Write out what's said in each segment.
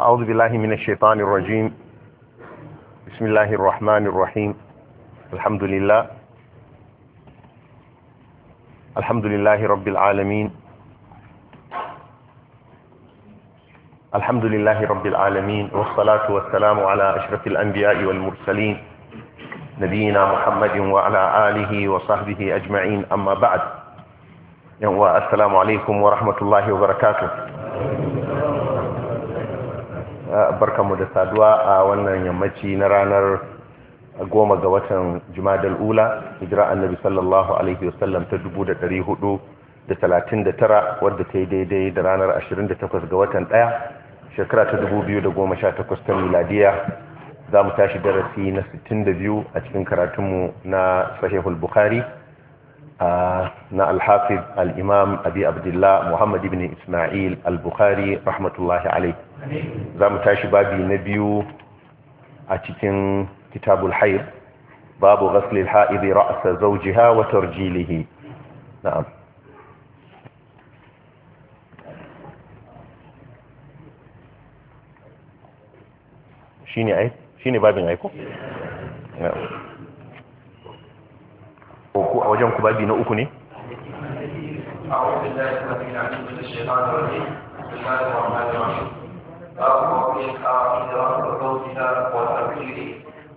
أعوذ بالله من الشيطان الرجيم بسم الله الرحمن الرحيم الحمد لله الحمد لله رب العالمين الحمد لله رب العالمين والصلاة والسلام على أشرف الأنبياء والمرسلين نبينا محمد وعلى آله وصحبه أجمعين أما بعد السلام عليكم ورحمة الله وبركاته barkanmu da saduwa a wannan yammaci na ranar goma ga watan jumadal ula hijira annabi sallallahu alaihi wasallam ta 439 wadda ta yi daidai da ranar 28 ga watan ɗaya shekara ta 2018 ta miladiya za mu tashi darasi na 62 a cikin karatunmu na sahihul bukhari na alhafiz al'imam abi abdullah muhammad ibn ismail al-bukhari rahmatullahi alai za mu tashi babi na biyu a cikin kitabul hair babu ghaslil ha'ibi ra'asa zaujiha wa tarjilihi na'am shine ai shine babin aiko na'am ko a wajen ku na uku ne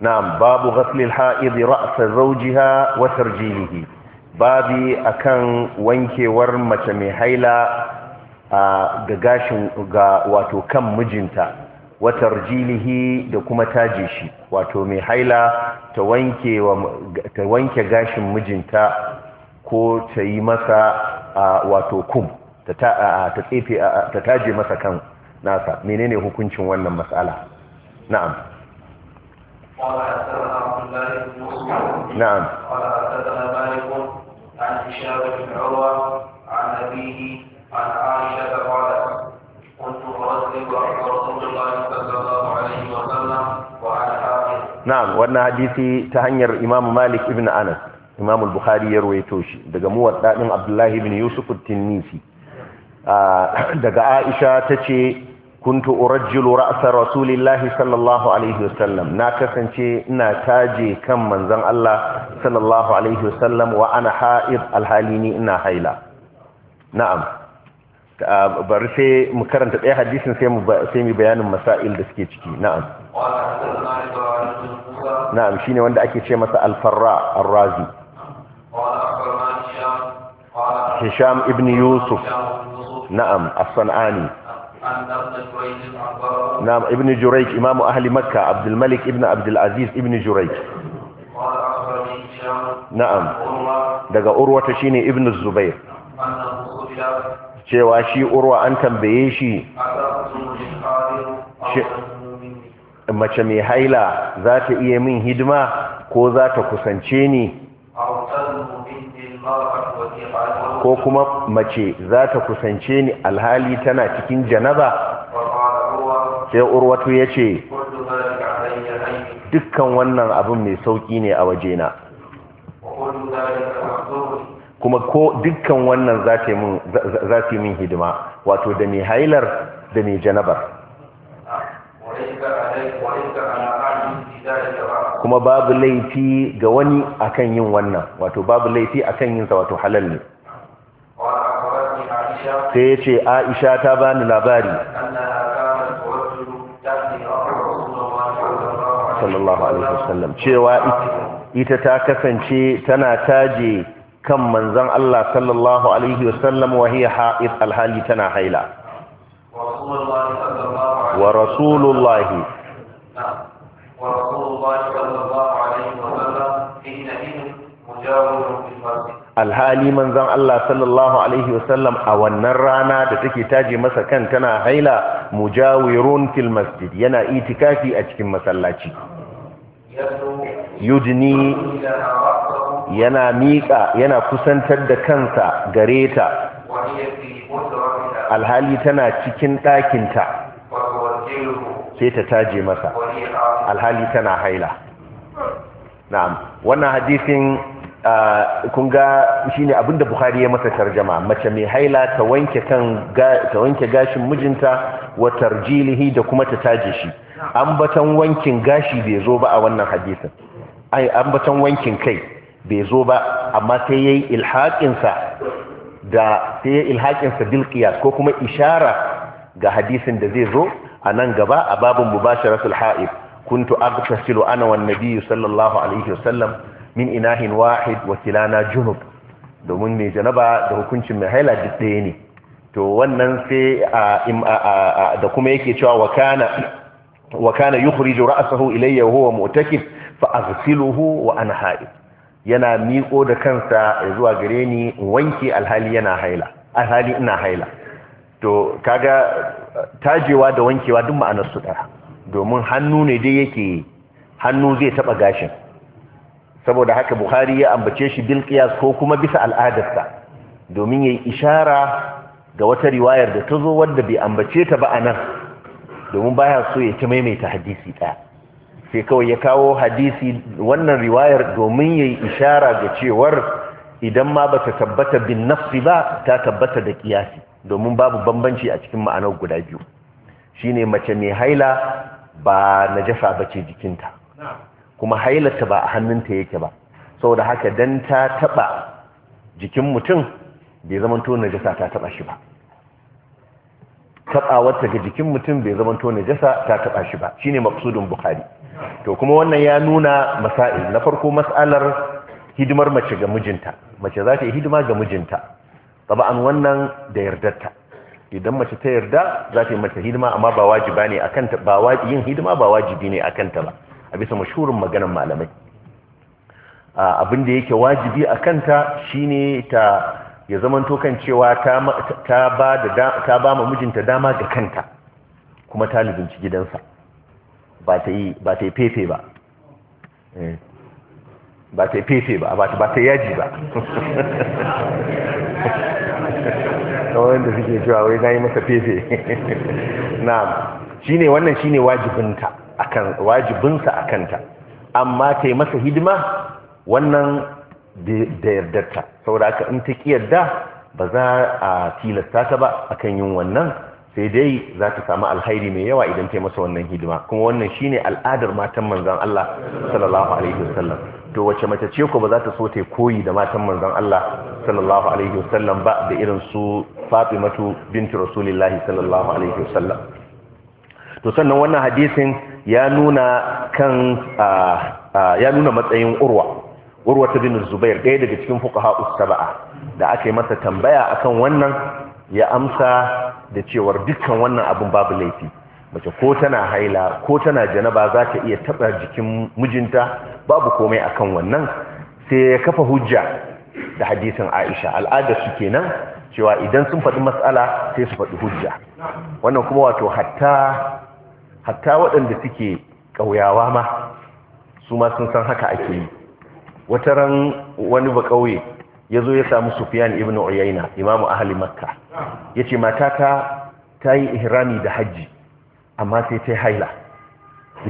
Na'am, babu السميع ha'izi, من الشيطان الرجيم بسم babi akan wankewar mace mai haila ga gashin ga wato kan mijinta watar jilihi da kuma taje shi wato mai haila ta wanke gashin mijinta ko ta yi masa wato kum ta taje masa kan nasa menene hukuncin wannan matsala na'am na'am عن إشارة بن عروة عن أبيه عن عائشة قالت كنت أرسل رسول الله صلى الله عليه وسلم وأنا na'am wannan hadisi ta hanyar imam malik ibn anas imam al-bukhari ya rawaito shi daga muwadda din abdullahi ibn yusuf at-tinnisi ah, daga aisha tace kuntu urajjilu ra'sa rasulillahi sallallahu alaihi wasallam na kasance ina taje kan manzon Allah sallallahu alaihi wasallam wa ana ha'id alhalini ina haila na'am ah, bari sai mu karanta ɗaya hadisin sai mu bayanin masail da suke ciki na'am na'am shine wanda ake ce masa alfarra razi hisham ibn yusuf na'am as-sanani na'am ibn jurayj imamu ahli makka abdul malik ibn abdul aziz ibn jurayj na'am daga urwata shine ibn zubair cewa shi urwa an tambaye shi mace mai haila za ta iya min hidima ko za ta kusance ni ko kuma mace za ta kusance ni alhali tana cikin janaba sai urwatu ya ce dukkan wannan abin mai sauƙi ne a waje na? kuma ko dukkan wannan za ta yi min hidima wato da mai hailar da mai janabar kuma babu laifi ga wani akan yin wannan wato babu laifi akan yin sa wato halal ne sai ya ce aisha ta bani labari sallallahu alaihi wasallam cewa ita ta kasance tana taje kan manzon Allah sallallahu alaihi wasallam wa hiya ha'id alhali tana haila wa rasulullahi alhali manzon Allah sallallahu alaihi wasallam a wannan rana da take taje masa kan tana haila mujawirun fil masjid yana itikafi a cikin masallaci yudni yana miƙa yana kusantar da kansa gareta. alhali tana cikin ɗakinta sai ta taje masa alhali tana haila na'am wannan hadisin kun ga shine abinda Buhari ya masa tarjama mace mai haila ta wanke gashin mijinta wa tarjilihi da kuma ta taje shi batan wankin gashi bai zo ba a wannan hadisin ai batan wankin kai bai zo ba amma sai yayi ilhaqin sa da sai yayi ilhaqin sa bil ko kuma ishara ga hadisin da zai zo a nan gaba a babin mubasharatul ha'ib kuntu agtasilu ana wan nabiy sallallahu alaihi wasallam min inahin wahid wa kilana junub domin mai janaba da hukuncin mai haila duk ɗaya ne to wannan sai da kuma yake cewa wa kana wa kana yukhriju ra'sahu ilayya wa huwa mu'takif fa aghsiluhu wa ana ha'id yana miƙo da kansa zuwa gare ni wanke alhali yana haila alhali ina haila to kaga tajewa da wankewa duk ma'anar su ɗaya domin hannu ne dai yake hannu zai taba gashin saboda haka buhari ya ambace shi bil qiyas ko kuma bisa al'adarsa domin yayi ishara ga wata riwayar da ta zo wadda bai ambace ta ba anan domin baya so ya ci maimaita hadisi ɗaya sai kawai ya kawo hadisi wannan riwayar domin yayi ishara ga cewar idan ma bata tabbata bin nafsi ba ta tabbata da qiyasi domin babu bambanci a cikin ma'anar guda biyu shine mace mai haila ba na jasa ba ce jikinta kuma hailarta ba a hannunta yake ba saboda haka dan ta taba jikin mutum bai na jasa ta taba shi ba wata ga jikin mutum bai zamanto jasa ta taba shi ba shine Masudin bukhari to kuma wannan ya nuna masail na farko matsalar hidimar mace ga mijinta mace za ta yi hidima ga mijinta an wannan da yardarta idan mace ta yarda za ta yi mata hidima amma ba wajiba ne akan ta ba yin hidima ba wajibi ne akan ta ba a bisa mashhurin maganar malamai abin da yake wajibi akan ta shine ta ya zamanto kan cewa ta ta ba da ta ba ma mijinta dama ga kanta kuma ta lubinci gidansa ba ta yi ba ta yi fefe ba eh. ba ta yi fefe ba ba ta yaji ba kamar wanda suke cewa wai na yi masa fefe na shine wannan shine wajibinta akan wajibinsa kanta amma kai masa hidima wannan da yardarta saboda aka in ta ki yarda ba za a tilasta ta ba akan yin wannan sai dai za ta samu alhairi mai yawa idan ta masa wannan hidima kuma wannan shine al'adar matan manzan Allah sallallahu alaihi wasallam to wace mace ce ko ba za ta so ta koyi da matan manzan Allah sallallahu alaihi wasallam ba da irin su Fatimatu binti Rasulullahi sallallahu alaihi wasallam to sannan wannan hadisin ya nuna kan ya nuna matsayin Urwa Urwa ta bin Zubair ɗaya daga cikin fuqaha us da aka yi masa tambaya akan wannan ya amsa da cewar dukkan wannan abin babu laifi mace ko tana haila ko tana janaba za ta iya taɓa jikin mijinta babu komai akan wannan sai ya kafa hujja da hadisin aisha al'ada su kenan cewa idan sun faɗi matsala sai su faɗi hujja wannan kuma wato hatta hatta waɗanda suke ƙauyawa ma su ma sun san haka ake yi wataran wani ba ƙauye ya zo ya samu sufiyan ibn uyaina imamu ahli makka ya ce matata ta yi ihrami da hajji amma sai ta haila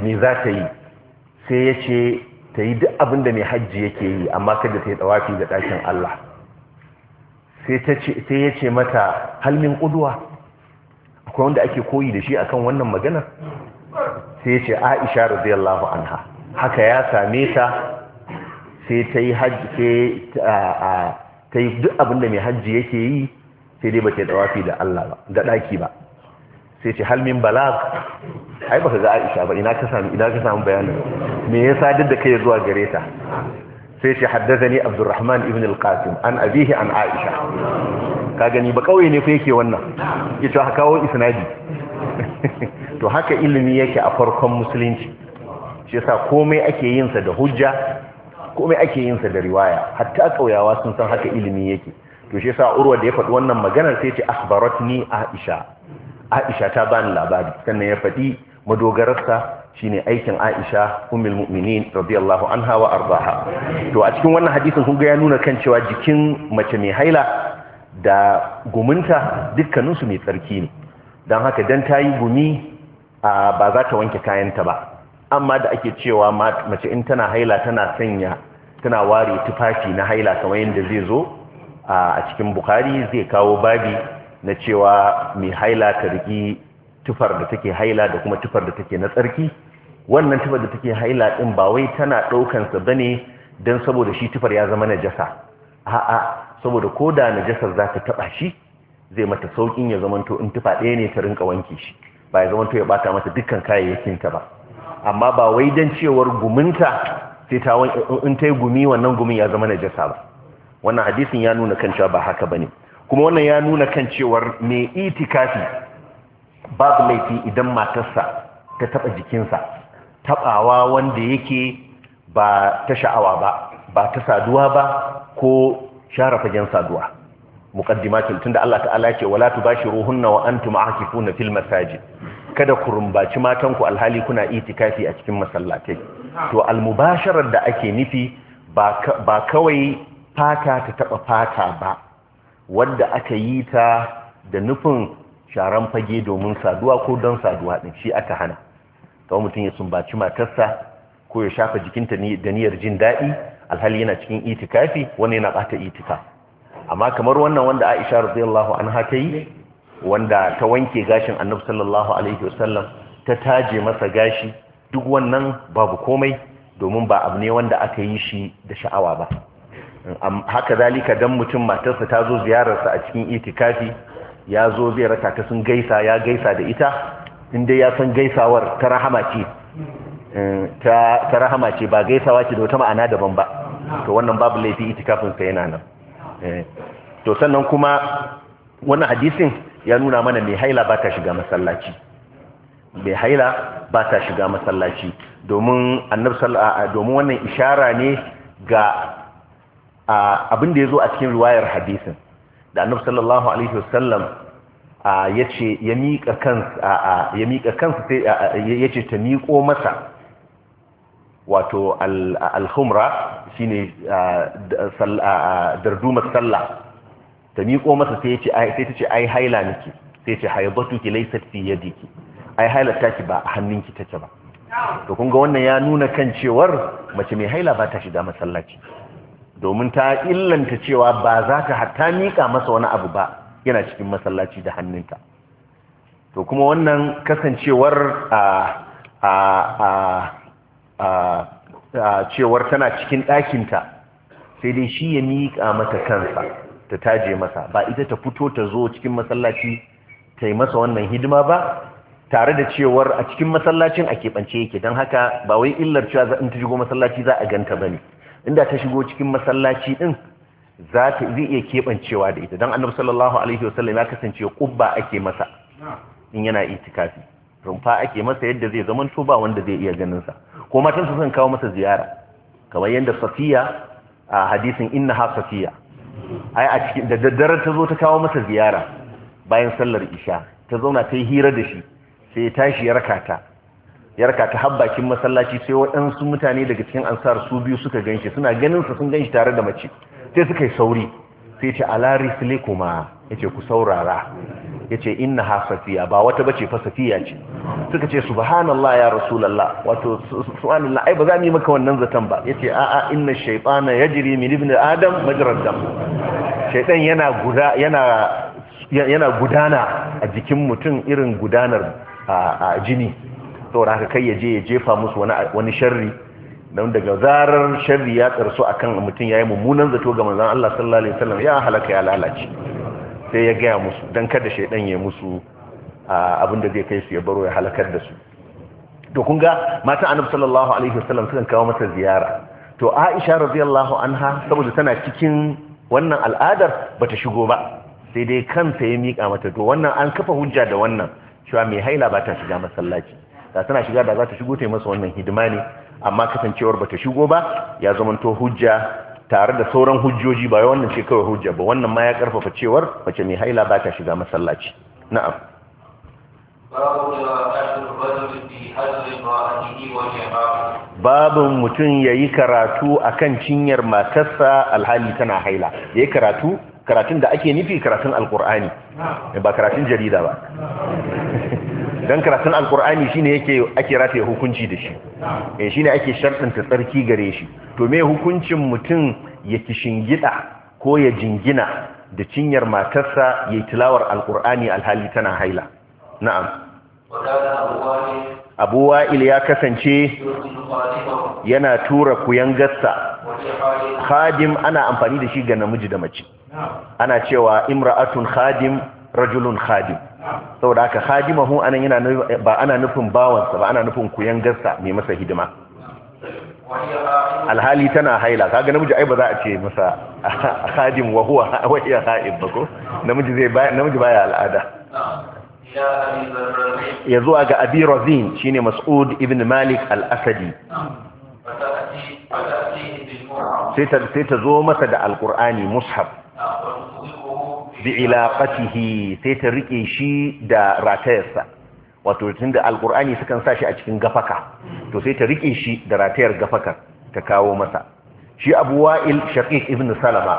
ne za ta yi sai ya ce ta yi duk abin da mai hajji yake yi amma kada ta yi tsawafi ga ɗakin Allah sai ya ce mata halmin ƙuduwa akwai wanda ake koyi da shi akan wannan magana sai ya ce aisha radiyallahu anha haka ya same ta sai ta ta yi duk abin da mai hajji yake yi sai dai ba ta dawafi da Allah ba da ɗaki ba sai ce halmin balag ai za ga Aisha ba ina ka samu ina ka samu bayanin me yasa duk da kai zuwa gare ta sai ce haddathani Abdurrahman ibn al-Qasim an abihi an Aisha ka gani ba kauye ne fa yake wannan yace haka kawo isnadi to haka ilimi yake a farkon musulunci shi yasa komai ake yin da hujja komai ake yinsa da riwaya hatta kauyawa sun san haka ilimi yake to shi yasa urwa da ya faɗi wannan maganar sai ce ni aisha aisha ta bani labari sannan ya faɗi madogararsa shine aikin aisha ummul mu'minin radiyallahu anha wa ardaha to a cikin wannan hadisin kun ga ya nuna kan cewa jikin mace mai haila da guminta dukkaninsu mai tsarki ne don haka dan ta yi gumi ba za ta wanke kayanta ba amma da ake cewa mace in tana haila tana sanya tana ware tufafi na haila kamar yadda zai zo a cikin bukhari zai kawo babi na cewa mai haila ta riki tufar da take haila da kuma tufar da take na tsarki wannan tufar da take haila ɗin ba wai tana ɗaukansa ba ne don saboda shi tufar ya zama najasa a'a saboda ko da najasar za ta taɓa shi zai mata sauƙin ya zamanto in tufa ɗaya ne ta rinka wanke shi ba ya zamanto ya bata mata dukkan kayayyakinta ba amma ba wai don cewar guminta sai ta in ta yi gumi wannan gumin ya zama najasa ba wannan hadisin ya nuna kan cewa ba haka bane kuma wannan ya nuna kan cewar mai itikafi babu laifi idan matarsa ta taba jikinsa tabawa wanda yake ba ta sha'awa ba ba ta saduwa ba ko share fagen saduwa muqaddimatin tunda Allah ta'ala ce wala tubashiruhunna wa antum aakifuna fil masajid kada ku rumbaci matanku alhali kuna itikafi a cikin masallatai to almubasharar da ake nufi ba kawai fata ta taɓa fata ba wadda aka yi ta da nufin sharan fage domin saduwa ko don saduwa din shi aka hana kawai mutum ya sumbaci matarsa ko ya shafa jikinta da niyyar jin daɗi alhali yana cikin itikafi wani yana ɓata itika amma kamar wannan wanda Aisha radiyallahu an haka yi wanda ta wanke gashin Annabi sallallahu alaihi wasallam ta taje masa gashi duk wannan babu komai domin ba abu ne wanda aka yi shi da sha'awa ba haka zalika dan mutum matarsa ta zo ziyararsa a cikin itikafi ya zo zai raka ta sun gaisa ya gaisa da ita inda ya san gaisawar ta rahama ce eh, ta rahama ce ba gaisawa ce da wata ma'ana daban ba to wannan babu laifi itikafinsa yana nan eh, to sannan kuma wannan hadisin ya nuna mana mai haila ba ta shiga masallaci mai haila ba ta shiga masallaci domin domin wannan ishara ne ga abin da ya zo a cikin ruwayar hadisin da annabi sallallahu alaihi wasallam yace ya miƙa kansa ya miƙa kansa sai yace ce ta miƙo masa wato al-humra shine dardumar sallah ta miƙo masa sai ai sai ta ce ai haila miki sai ce haibatuki laysat fi yadiki ai haila taki ba a hannunki take ba to kun ga wannan ya nuna kan cewar mace mai haila ba ta shiga masallaci domin ta illanta cewa ba za ta hatta miƙa masa wani abu ba yana cikin masallaci da hannunta to kuma wannan kasancewar a a a a cewar tana cikin ɗakinta sai dai shi ya miƙa mata kansa ta taje masa ba ita ta fito ta zo cikin masallaci ta yi masa wannan hidima ba tare da cewar a cikin masallacin a keɓance yake don haka ba wai illar cewa in ta shigo masallaci za a ganta ba ne inda ta shigo cikin masallaci din za ta zai iya keɓancewa da ita Don annabi sallallahu alaihi wasallam ya kasance ƙubba ake masa in yana itikafi rumfa ake masa yadda zai zama wanda zai iya ganin sa ko matan su sun kawo masa ziyara kamar yadda safiya a hadisin ha safiya ai a cikin da daddare ta zo ta kawo masa ziyara bayan sallar isha ta zauna ta yi hira da shi sai ya tashi ya raka ta yarka ta habbakin masallaci sai waɗansu mutane daga cikin ansar su biyu suka ganshi suna ganin su sun ganshi tare da mace sai suka yi sauri sai ce alari sile kuma yace ku saurara yace inna ha safiya ba wata bace fa safiya ce suka ce subhanallah ya rasulullah wato subhanallah ai ba za mu yi maka wannan zaton ba yace a a inna shaytana yajri min ibn adam majrad dam shaytan yana guda yana yana gudana a jikin mutum irin gudanar a jini saboda haka kai ya je ya jefa musu wani wani sharri don daga zarar sharri ya tsarsu akan mutum yayi mummunan zato ga manzon Allah sallallahu alaihi wasallam ya halaka ya lalace sai ya gaya musu dan kada shaydan ya musu abin da zai kai su ya baro ya halakar da su to kun ga mata annabi sallallahu alaihi wasallam sukan kawo mata ziyara to aisha radiyallahu anha saboda tana cikin wannan al'adar bata shigo ba sai dai kansa ya mika mata to wannan an kafa hujja da wannan cewa mai haila ba ta shiga masallaci da tana shiga da za ta shigo ta yi masa wannan hidima ne amma kasancewar ba ta shigo ba ya zamanto hujja tare da sauran hujjoji ba wannan ce kawai hujja ba wannan ma ya karfafa cewar mace mai haila ba ta shiga masallaci na'am babin mutum ya yi karatu a kan cinyar matarsa alhali tana haila ya yi karatu karatun da ake nufi karatun alkur'ani eh, ba karatun jarida ba don karatun alkur'ani ne yake ake rataye hukunci da shi eh, Shi ne ake sharɗanta tsarki gare shi to me hukuncin mutum ya kishingida ko ya jingina da cinyar matarsa ya yi tilawar alkur'ani alhali tana haila na'am abu wa'il ya kasance yana tura gasta. khadim ana amfani da shi ga namiji da mace ana cewa imra'atun khadim rajulun khadim saboda haka khadimahu anan yana ba ana nufin bawansa ba ana nufin gasta mai masa hidima alhali tana haila kaga namiji ai ba za a ce masa khadim wa huwa wa iya ha'ib ba ko namiji zai namiji baya al'ada ya zuwa ga abi razin shine mas'ud ibn malik al-asadi sai ta zo masa da alkur'ani mushaf bi ilaqatihi sai ta rike shi da ratayarsa wato tunda alqur'ani sukan sa shi a cikin gafaka to sai ta rike shi da ratayar gafakar ta kawo masa shi abu wa'il shaqiq ibn salama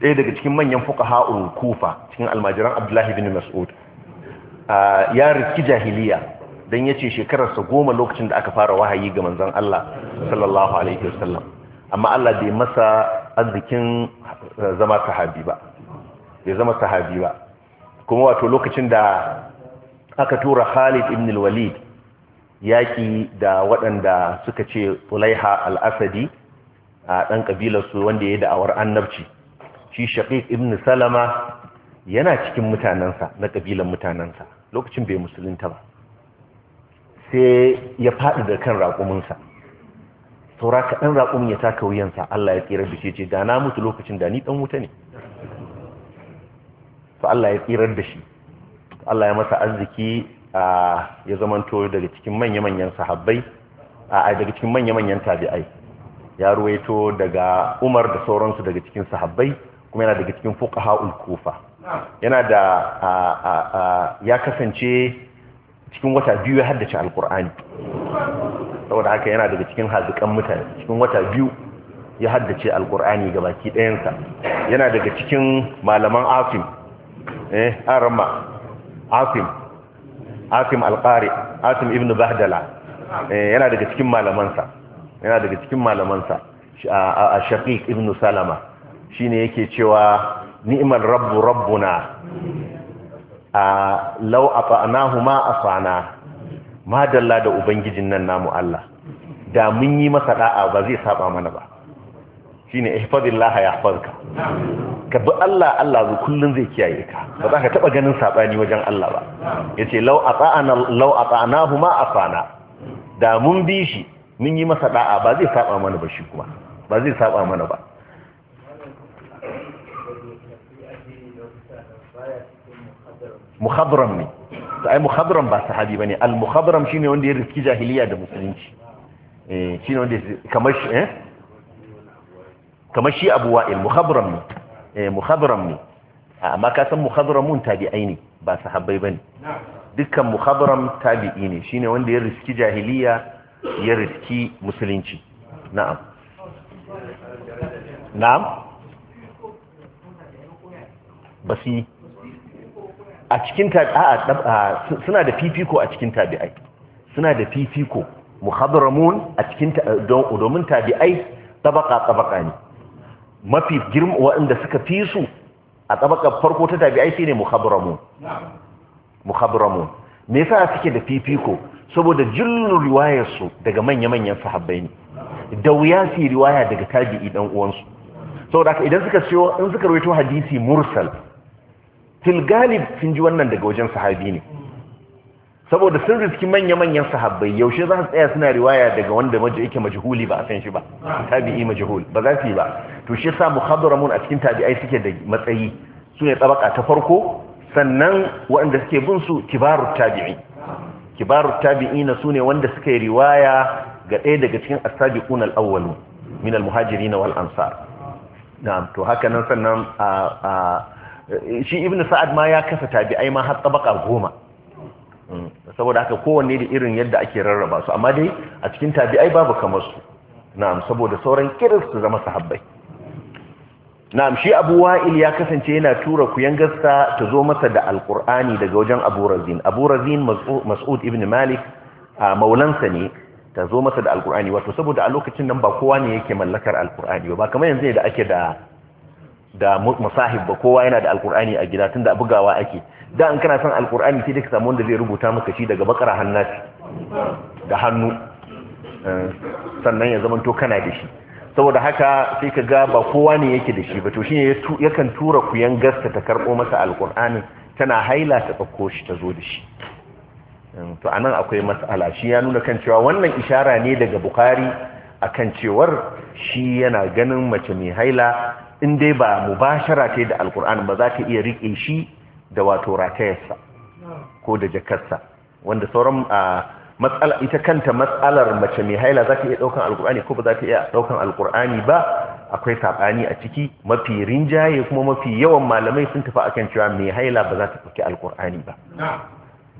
ɗaya daga cikin manyan fuqaha'ul kufa cikin almajiran abdullahi ibn mas'ud ya riki jahiliya don ya ce shekararsa goma lokacin da aka fara wahayi ga Manzon Allah sallallahu alaihi wasallam amma Allah bai masa arzikin eh, zama sahabi ba bai zama sahabi ba kuma wato lokacin da aka tura Khalid ibn al-Walid yaƙi da waɗanda suka ce Ulaiha al-Asadi a ɗan ƙabilarsu wanda ya yi da'awar annabci shi shaqiq ibn Salama yana cikin mutanensa na ƙabilan mutanensa lokacin bai musulunta ba sai ya faɗi da kan raƙuminsa saura kaɗan raƙumin ya taka wuyansa Allah ya tsirar da shi ce da na mutu lokacin da ni ɗan wuta ne fa Allah ya tsirar da shi Allah ya masa arziki ya zamanto daga cikin manya-manyan sahabbai a daga cikin manya-manyan tabi'ai ya ruwaito daga Umar da sauransu daga cikin sahabbai kuma yana daga cikin fuka ha'ul kufa yana da ya kasance cikin wata biyu ya haddace alkur'ani saboda haka yana daga cikin hazikan mutane cikin wata biyu ya haddace alkur'ani ga baki ɗayansa yana daga cikin malaman afim eh arama afim afim alƙari afim ibn bahdala eh, yana daga cikin malamansa yana daga cikin malamansa a shafiq ibn salama shine yake cewa ni'imar rabbu rabbuna a lau afa'anahu ma afana madalla da ubangijin nan namu Allah da mun yi masa da'a ba zai saba mana ba shine ihfazillah yahfazka ka bi Allah Allah zu kullun zai kiyaye ka ba za ka taba ganin sabani wajen Allah ba yace lau ata'ana lau ata'anahu ma afana da mun bi shi mun yi masa da'a ba zai saba mana ba shi kuma ba zai saba mana ba muhabram ne ta ai muhabram ba sahabi bane al muhabram shine wanda ya riski jahiliya da musulunci eh shine wanda kamar shi eh kamar shi abu wa'il muhabram ne eh muhabram ne amma ka san muhabramun tabi'ai ne ba sahabbai bane dukkan muhabram tabi'i ne shine wanda ya riski jahiliya ya riski musulunci na'am na'am basi a cikin tabi'a suna da fifiko a cikin tabi'ai suna da fifiko muhadramun a cikin domin tabi'ai tabaka tabaka ne mafi girma waɗanda suka fi su a tabakar farko ta tabi'ai shine muhadramun muhadramun me yasa suke da fifiko saboda jullun riwayar su daga manya-manyan sahabbai ne da wuya su riwaya daga tabi'i dan uwansu saboda idan suka ciwo in suka rawaito hadisi mursal fil galib sun ji wannan daga wajen sahabi ne saboda sun riski manya-manyan sahabbai yaushe za su tsaya suna riwaya daga wanda maji yake majihuli ba a san shi ba tabi'i majihuli ba za su yi ba to shi sa mun a cikin tabi'ai suke da matsayi su ne tsabaka ta farko sannan waɗanda suke bin su kibaru tabi'i kibaru tabi'i na su ne wanda suka yi riwaya ga ɗaya daga cikin asabiqun al awwalu min al-muhajirin wal ansar na'am to haka nan sannan a shi ibn sa'ad ma ya kasa tabi'ai ma har tabaka goma mm. saboda haka kowanne da irin yadda ake rarraba su amma dai a cikin tabi'ai babu kamar su na'am saboda sauran kiris su zama sahabbai na'am shi abu wa'il ya kasance yana tura yangasta ta zo masa da alkur'ani daga wajen abu razin abu razin mas'ud ibn malik a maulansa ne ta zo masa da alqur'ani wato saboda a lokacin nan ba kowa ne yake mallakar alkur'ani ba kamar yanzu ne da ake da da musahib ba kowa yana da alkur'ani a gida tunda bugawa ake da an kana son alkur'ani sai da ka samu wanda zai rubuta maka shi daga bakara hannati da hannu eh, sannan ya zamanto kana da shi saboda haka sai ka ga ba kowa ne yake da shi ba to shine yakan tura kuyan gasta ta karbo masa Alkur'ani. tana haila ta dauko shi ta zo da shi eh, to anan akwai matsala. shi ya nuna kan cewa wannan ishara ne daga bukhari akan cewar shi yana ganin mace mai haila in dai ba mubashara ce da alkur'ani ba za ka iya rike shi da wato ratayarsa ko da jakarsa wanda sauran matsala ita kanta matsalar mace mai haila za iya ɗaukan alkur'ani ko ba za iya ɗaukan alkur'ani ba akwai saɓani a ciki mafi rinjaye kuma mafi yawan malamai sun tafi akan cewa mai haila ba za ta ɗauki alkur'ani ba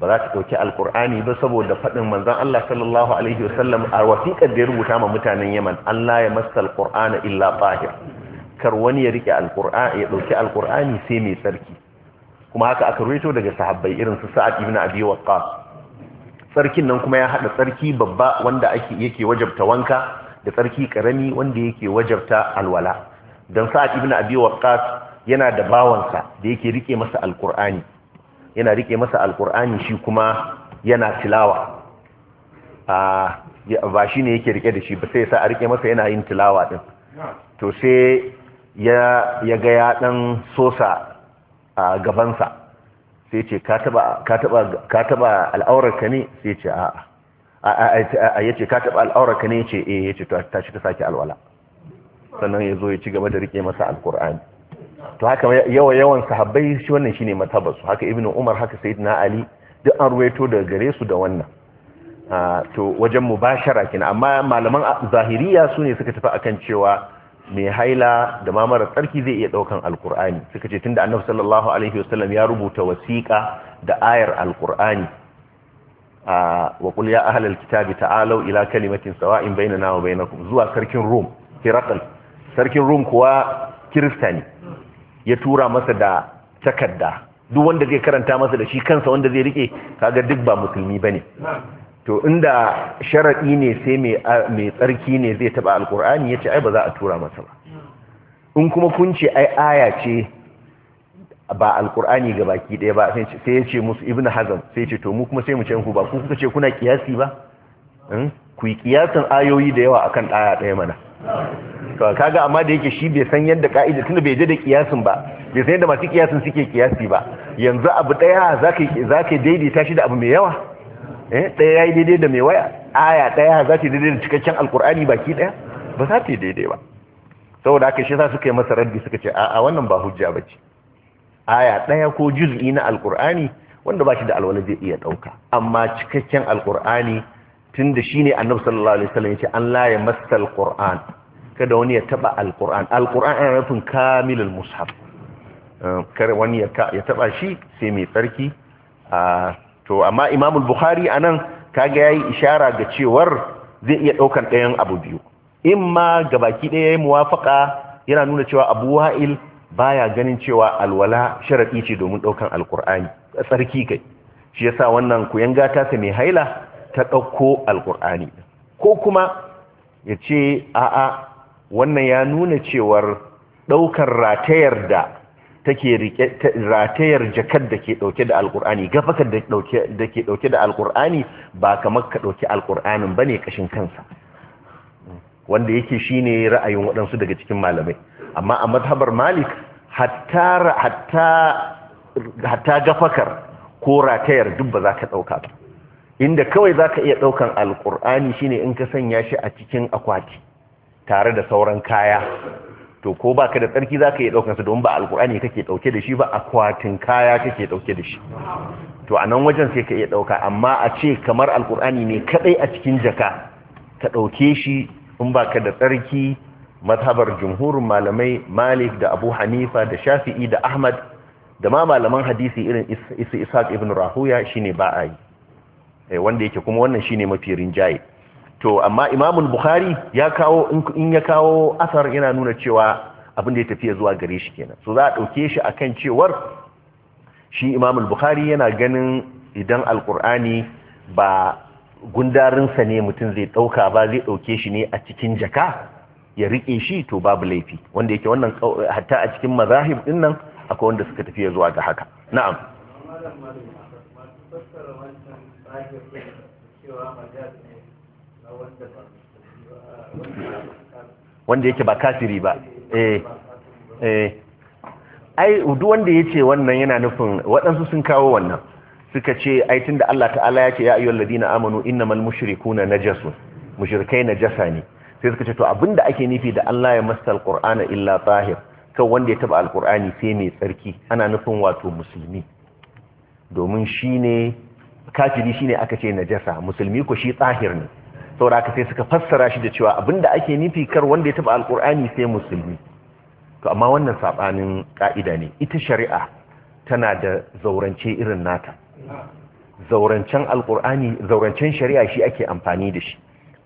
ba za ta ɗauki alkur'ani ba saboda faɗin manzan Allah sallallahu alaihi wasallam a wasiƙar da ya rubuta ma mutanen yaman Allah ya masa alkur'ana illa bahir kar wani ya rike alqur'ani ya dauki alqur'ani sai mai sarki, kuma haka aka ruwaito daga sahabbai irin su sa'ad ibn abi waqqas sarkin nan kuma ya hada sarki babba wanda ake yake wajabta wanka da sarki karami wanda yake wajabta alwala dan sa'ad ibn abi waqqas yana da bawansa da yake rike masa alqur'ani yana rike masa alqur'ani shi kuma yana tilawa ba shi ne yake rike da shi ba sai sa a rike masa yana yin tilawa din to sai ya ga ya dan sosa a gabansa sai ce ka taba al'aurarka ne sai ce a a ya ce ka taba al'aurarka ne ce eh ya ce ta shi ta sake alwala sannan ya zo ya ci gaba da rike masa alkur'ani to haka yawa yawan sahabbai shi wannan shine matabarsu haka Ibn umar haka na ali duk an ruwaito daga gare su da wannan to wajen mubashara kina amma malaman zahiriya su ne suka tafi akan cewa mai haila da ma mara tsarki zai iya daukan alkur'ani suka ce tunda annabi sallallahu alaihi wasallam ya rubuta wasiƙa da ayar alkur'ani a wa qul ya ahlal kitabi ta'alu ila kalimatin sawa'in bainana wa bainakum zuwa sarkin rum hiraqal sarkin rum kuwa kiristani ya tura masa da takarda duk wanda zai karanta masa da shi kansa wanda zai rike kaga duk ba musulmi bane to inda sharaɗi ne sai mai tsarki ne zai taɓa Alƙur'ani ya ce ai ba za a tura masa ba in kuma kun ce ai aya ce ba Alƙur'ani ga baki ɗaya ba sai ya ce musu ibn hazam sai ce to mu kuma sai mu ce ku ba ku kuka ce kuna kiyasi ba hmm? ku yi kiyasan ayoyi da yawa akan ɗaya ɗaya mana to kaga amma da yake shi bai san yadda ka'ida tunda bai je da kiyasin ba bai san yadda masu kiyasin suke kiyasi ba yanzu abu ɗaya zaka zaka daidaita shi da abu mai yawa eh ɗaya ya yi daidai da mai waya aya ɗaya za ta daidai da cikakken alkur'ani baki ɗaya ba za ta yi daidai ba saboda haka shi za su kai masa raddi suka ce a wannan ba hujja ba ce aya ɗaya ko juz'i na alkur'ani wanda ba shi da alwala zai iya ɗauka amma cikakken alkur'ani tun da shi ne annabi sallallahu alaihi wasallam ya ce an la ya masa alkur'an kada wani ya taɓa alkur'an alkur'an ana nufin kamilul mushaf eh, kar wani ya taba shi sai mai tsarki a ah, to amma imamul bukhari a nan kaga ya yi ishara ga cewar zai iya ɗaukar ɗayan abu biyu in ma baki ɗaya ya muwafaƙa, yana nuna cewa abu wa'il baya ganin cewa alwala sharaɗi ce domin ɗaukan alkur'ani tsarki kai shi yasa wannan gata ta sa mai haila ta ɗauko alkur'ani ko kuma ya ce a'a wannan ya nuna cewar ɗaukar ratayar da take ratayar jakar da ke dauke da alkur'ani gafakar da ke dauke da alkur'ani ba kamar ka dauki alkur'anin bane kashin kansa wanda yake shine ra'ayin waɗansu daga cikin malamai amma a mazhabar malik hatta hatta gafakar ko ratayar duk ba za ka dauka ba inda kawai za ka iya daukan alkur'ani shine in ka sanya shi a cikin akwati tare da sauran kaya to ko baka da tsarki zaka iya daukar sa don ba alkur'ani kake ɗauke da shi ba akwatin kaya kake ɗauke da shi to a nan wajen sai ka iya ɗauka, amma a ce kamar alkur'ani ne kadai a cikin jaka ka ɗauke shi in baka da tsarki mazhabar jumhurin malamai Malik da Abu Hanifa da Shafi'i da Ahmad da ma malaman hadisi irin Ishaq ibn Rahuya shine ba a eh, wanda yake kuma wannan shine mafi rinjaye to amma imamul bukhari ya kawo in ya kawo asar yana nuna cewa abin da ya tafiya zuwa gare shi kenan so za a ɗauke shi akan cewar shi imamul bukhari yana ganin idan alkur'ani ba gundarinsa ne mutum zai ɗauka ba zai ɗauke shi ne a cikin jaka ya riƙe shi to babu laifi wanda yake wannan hatta a cikin mazahib din nan akwai wanda suka tafiya zuwa ga haka na'am cewa wanda yake ba kafiri ba eh eh ai duk wanda yace wannan yana nufin waɗansu sun kawo wannan suka ce ai tunda Allah ta'ala ya ce ya ayyuhal ladina amanu innamal mushrikuna najasu mushrikai najasa ne sai suka ce to abinda ake nufi da Allah ya masal qur'ana illa tahir kan wanda ya taba alqur'ani sai mai tsarki ana nufin wato musulmi domin shine kafiri shine aka ce najasa musulmi ko shi tahir ne saboda sai suka fassara shi da cewa abinda ake nufi kar wanda ya taba alkur'ani sai musulmi to amma wannan sabanin ka'ida ne ita shari'a tana da zaurance irin nata zaurancen alkur'ani zaurancen shari'a shi ake amfani da shi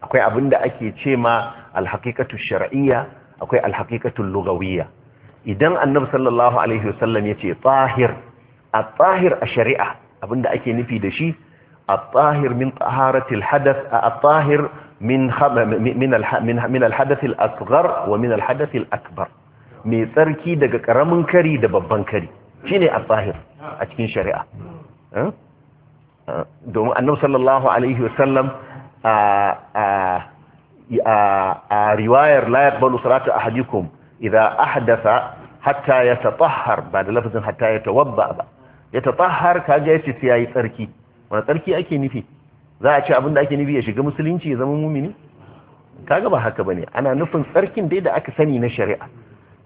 akwai abinda ake ce ma alhaqiqatu shar'iyya akwai alhaqiqatu lugawiyya idan annabi sallallahu alaihi wasallam yace tahir at-tahir a shari'a abinda ake nufi da shi الطاهر من طهارة الحدث الطاهر من من من الحدث الأصغر ومن الحدث الأكبر mai tsarki daga ƙaramin kari da babban kari shine al a cikin shari'a domin annabi sallallahu alaihi wasallam a riwayar la yaqbalu salatu ahadikum idza ahdatha hatta yatatahhar ba da lafazin hatta yatawabba ba yatatahhar kaga yace sai yi tsarki wa tsarki ake nufi za a ce abin da ake nufi ya shiga musulunci ya zama mumini kaga ba haka bane ana nufin tsarkin dai da aka sani na shari'a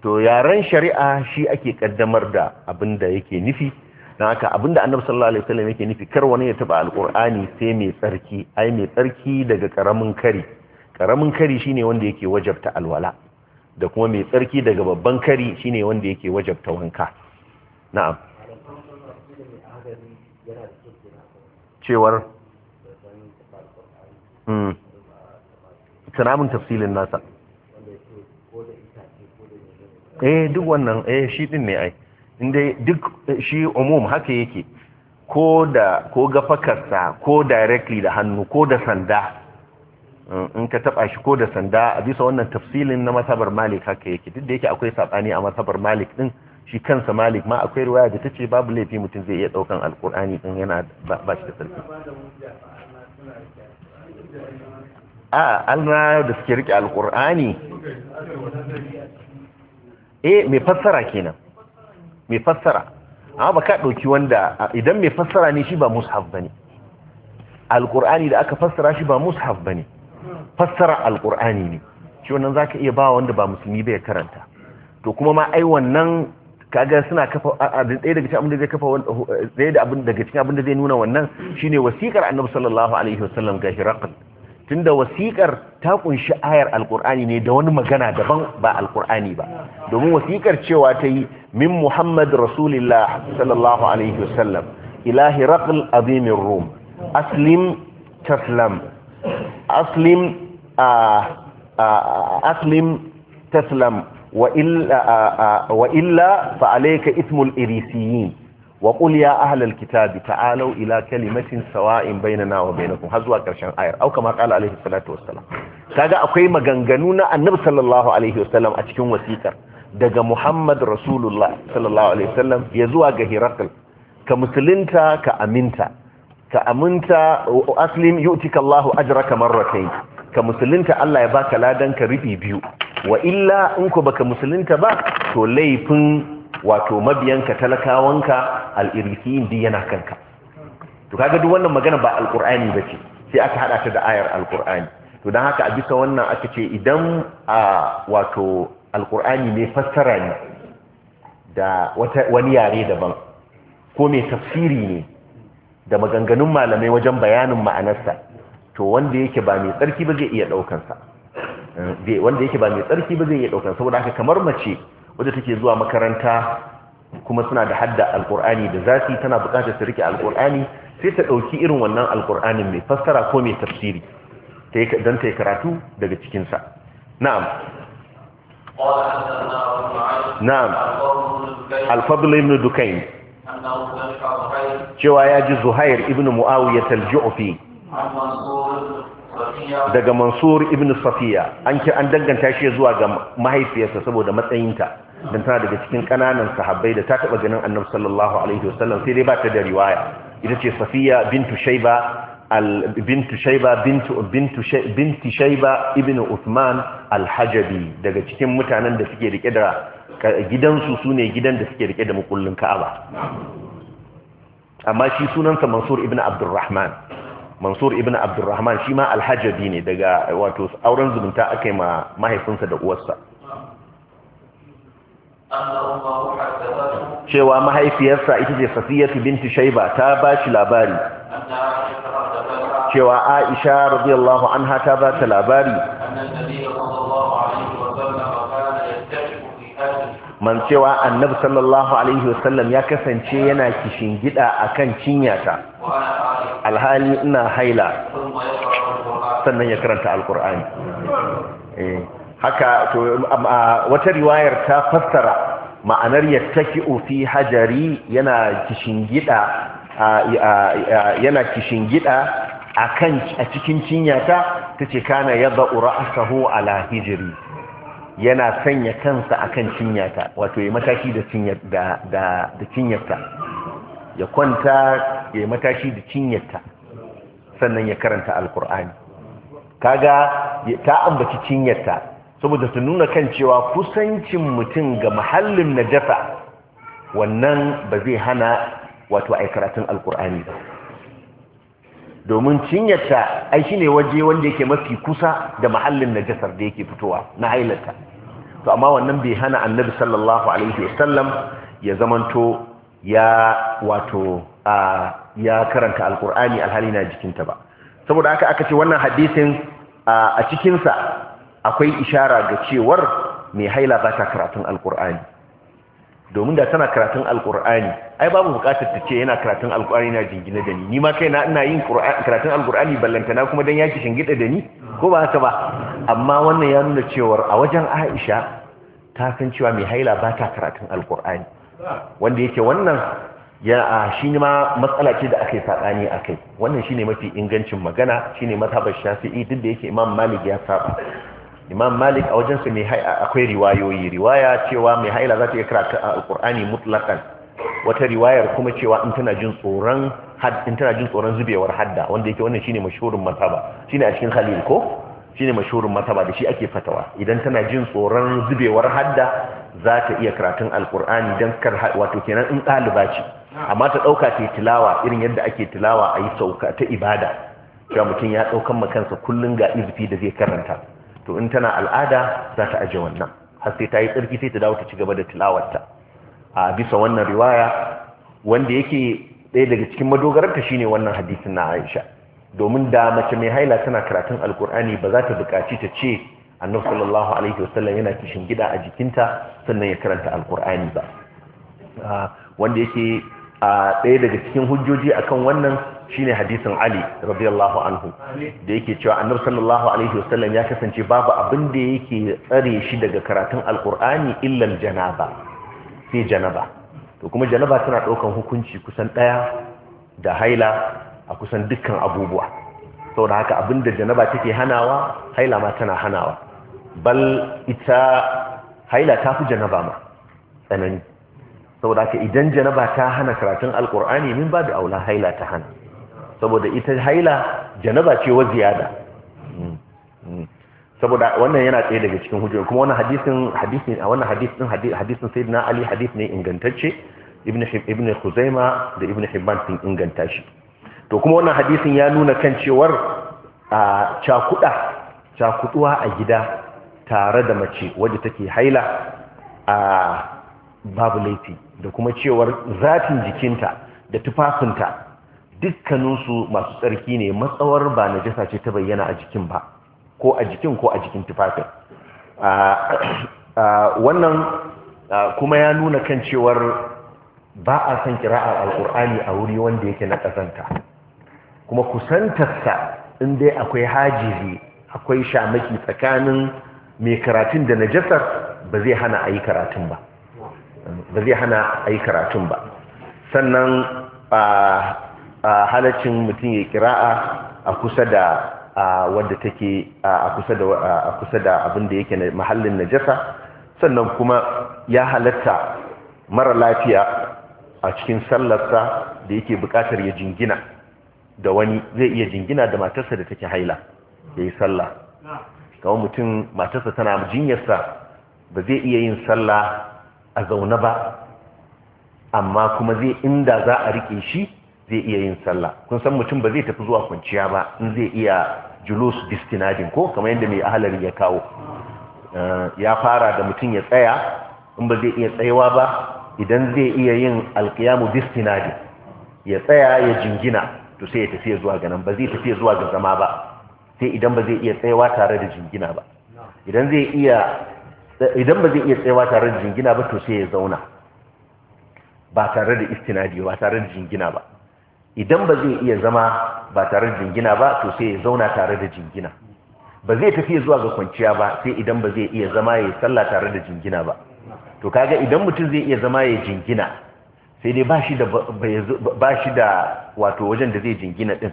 to yaren shari'a shi ake kaddamar da abin da yake nufi don haka abin da annabi sallallahu alaihi wasallam yake nufi kar wani ya taba alqur'ani sai mai tsarki ai mai tsarki daga karamin kari karamin kari shine wanda yake wajabta alwala da kuma mai tsarki daga babban kari shine wanda yake wajabta wanka na'am cewar tunamin hmm, tafsilin nasa eh duk wannan eh shi din ne ai inda duk eh, shi umum haka yake ko da ko gafakarsa ko directly da hannu ko da sanda hmm, in ka taba shi ko da sanda a bisa wannan tafsilin na masabar malik haka yake duk da yake akwai sabani a masabar malik din shi kansa malik ma akwai ruwa da ta ce babu laifi mutum zai iya ɗaukan alkur'ani in yana ba shi da sarki a alna da suke rike alkur'ani eh mai fassara kenan mai fassara amma ba ka ɗauki wanda idan mai fassara ne shi ba mushaf ba ne alkur'ani da aka fassara shi ba mushaf ba ne fassara alkur'ani ne shi wannan za ka iya ba wanda ba musulmi bai karanta to kuma ma ai wannan kaga suna kafa abin ɗaya daga cikin abin da zai kafa ɗaya da abin daga cikin abin da zai nuna wannan shine wasiƙar annabi sallallahu alaihi wasallam ga hiraqal tunda wasiƙar ta kunshi ayar alƙur'ani ne da wani magana daban ba alƙur'ani ba domin wasiƙar cewa ta yi min muhammad rasulillah sallallahu alaihi wasallam ila hiraqal azimin rum aslim taslam aslim aslim taslam wa illa fa alayka ismul irisiyin wa qul ya ahlal kitabi ta'alu ila kalimatin sawa'in bainana wa bainakum har zuwa karshen ayar au kama qala alayhi salatu wassalam kaga akwai maganganu na annabi sallallahu alaihi wasallam a cikin wasikar daga muhammad rasulullah sallallahu alaihi wasallam ya zuwa ga hirakal ka musulunta ka aminta ka aminta aslim yu'tika Allahu ajraka marratayn ka musulunta Allah ya baka ladan ka ribi biyu wa illa in ku baka musulunta ba to laifin wato mabiyanka talakawanka al'irisiyin di yana kanka to kaga duk wannan magana ba alkur'ani ba ce sai aka haɗa ta da ayar alkur'ani to don haka a bisa wannan aka ce idan a wato alkur'ani ne fassara ne da wani yare daban ko mai tafsiri ne da maganganun malamai wajen bayanin ma'anarsa to wanda yake ba mai tsarki ba zai iya ɗaukansa wanda yake ba mai tsarki ba zai iya ɗauka saboda haka kamar mace wadda take zuwa makaranta kuma suna da hadda alƙur'ani da zafi tana buƙatar su rike alƙur'ani sai ta ɗauki irin wannan alƙur'anin mai fassara ko mai tafsiri don ta yi karatu daga cikinsa na'am na'am alfadul ibn dukain cewa ya ji zuhair ibn mu'awiyat al-ju'fi daga mansur ibn safiya an ki an danganta shi zuwa ga mahaifiyarsa saboda matsayinta dan tana daga cikin kananan sahabbai da ta taba ganin annabi sallallahu alaihi wasallam sai dai ba ta da riwaya ita ce safiya bintu shayba al bintu shayba bintu bintu binti shayba ibn uthman al-hajabi daga cikin mutanen da suke rike da gidansu sune gidan da suke rike da mukullin ka'aba amma shi sunansa mansur ibn abdurrahman mansur ibn abdurrahman shi ma alhajabi ne daga wato auren zumunta aka yi ma mahaifinsa da uwarsa cewa mahaifiyarsa ita ce safiyatu binti shaiba ta ba shi labari cewa aisha radiyallahu anha ta ba ta labari man cewa annabi sallallahu alaihi wasallam ya kasance yana kishin gida akan cinyata alhali ina haila sannan ya karanta alkur'ani eh, haka to wata riwayar ta fassara ma'anar yattaki'u fi hajari yana kishin gida yana kishin gida akan a cikin cinyata tace kana yadda ra'sahu ala hijri yana sanya kansa akan cinyata wato ya matashi da cinya da ya kwanta ya matashi da ta, sannan ya karanta alkur'ani kaga ta ambaci ta saboda ta nuna kan cewa kusancin mutum ga mahallin najasa wannan ba zai hana wato ai karatun alkur'ani ba domin cinyarta ai shine waje wanda yake mafi kusa da mahallin najasar da yake fitowa na hailarta to amma wannan bai hana annabi sallallahu alaihi wasallam ya zamanto ya wato ya karanta alkur'ani alhali na jikinta ba saboda haka aka ce wannan hadisin a cikinsa akwai ishara ga cewar mai haila ba ta karatun alkur'ani domin da tana karatun alkur'ani ai babu bukatar ta ce yana karatun alkur'ani na jingina da ni ni ma kaina ina yin karatun alkur'ani ballantana kuma dan yaki shingida da ni ko ba haka ba amma wannan ya nuna cewar a wajen Aisha ta san cewa mai haila ba ta karatun alkur'ani wanda yake wannan ya shi ma matsala ce da aka yi ni a kai wannan shine mafi ingancin magana shine ne mazhabar shafi'i duk da yake imam malik ya saba imam malik a wajensu akwai riwayoyi riwaya cewa mai haila za ta iya karata a alkur'ani mutlakan wata riwayar kuma cewa in tana jin tsoron in tana jin tsoron zubewar hadda wanda yake wannan shine mashhurin mataba shine a cikin khalil ko shine mashhurin mataba da shi ake fatawa idan tana jin tsoron zubewar hadda za ta iya karatun alkur'ani dan kar wato kenan in daliba ce amma ta ɗauka ta tilawa irin yadda ake tilawa ayi yi sauka ta ibada cewa mutum ya ɗaukan makansa kullum ga izfi da zai karanta to in tana al'ada za ta aje wannan har sai ta yi tsarki sai ta dawo ta ci gaba da tilawarta a bisa wannan riwaya wanda yake ɗaya daga cikin madogararta shine wannan hadisin na Aisha domin da mace mai haila tana karatun alkur'ani ba za ta buƙaci ta ce annabi sallallahu alaihi wasallam yana kishin gida a jikinta sannan ya karanta alkur'ani ba wanda yake a ɗaya daga cikin hujjoji akan wannan shine hadisin Ali radiyallahu anhu da yake cewa annabi sallallahu alaihi wasallam ya kasance babu abin da yake tsare shi daga karatun al alqur'ani illa janaba, sai janaba to kuma janaba tana daukan hukunci kusan daya da haila a kusan dukkan abubuwa saboda haka abin da janaba take hanawa haila ma tana hanawa bal ita haila ta fi janaba ma tsanani saboda haka idan janaba ta hana karatun al alqur'ani min babu aula haila ta hana saboda ita haila janaba ce wa ziyada mm, mm. saboda wannan yana tsaye daga cikin hujjoji kuma wannan hadisin hadisin a wannan hadisin hadisin sayyidina ali hadis ne ingantacce ibn ibnu khuzaima da ibn hibban sun inganta shi to kuma wannan hadisin ya nuna kan cewar a cakuda cakuduwa a gida tare da mace wadda take haila a babu laifi da kuma cewar zatin jikinta da tufafinta dukkaninsu masu tsarki ne matsawar ba na jasa ce ta bayyana a jikin ba ko a jikin ko a jikin tufafin ah, ah, wannan ah, kuma ya nuna kan cewar ba a san kira'ar alkur'ani a wuri wanda yake na ƙazanta kuma kusantarsa in dai akwai hajizi akwai shamaki tsakanin mai karatun da najasar ba zai hana a yi karatun ba ba zai hana a yi karatun ba sannan halaccin mutum ya kira'a a kusa da wadda take a kusa da abin da yake mahallin najasa sannan kuma ya halatta mara lafiya a cikin sallarsa da yake bukatar ya jingina da wani zai iya jingina da matarsa da take haila ya yi sallah kawo mutum matarsa tana jinyarsa ba zai iya yin sallah a zaune ba amma kuma zai inda za a rike shi zai iya yin sallah kun san mutum ba zai tafi zuwa kwanciya ba in zai iya julus distinadin ko kamar yadda mai ahalari ya kawo eh, ya fara da mutum ya tsaya in ba zai iya tsayawa ba idan zai iya yin alkiyamu distinadin ya tsaya ya jingina to sai ya tafiya zuwa ga nan ba zai tafiya zuwa ga zama ba sai idan ba zai iya tsayawa tare da jingina ba idan zai iya idan ba zai iya tsayawa tare da jingina ba to sai ya zauna ba tare da istinadi ba tare da jingina ba idan ba zai iya zama ba tare da jingina ba to sai ya zauna tare da jingina ba zai tafi zuwa ga kwanciya ba sai idan ba zai iya zama ya sallah tare da jingina ba to kaga idan mutum zai iya zama ya jingina sai dai bashi da da wato wajen da zai jingina din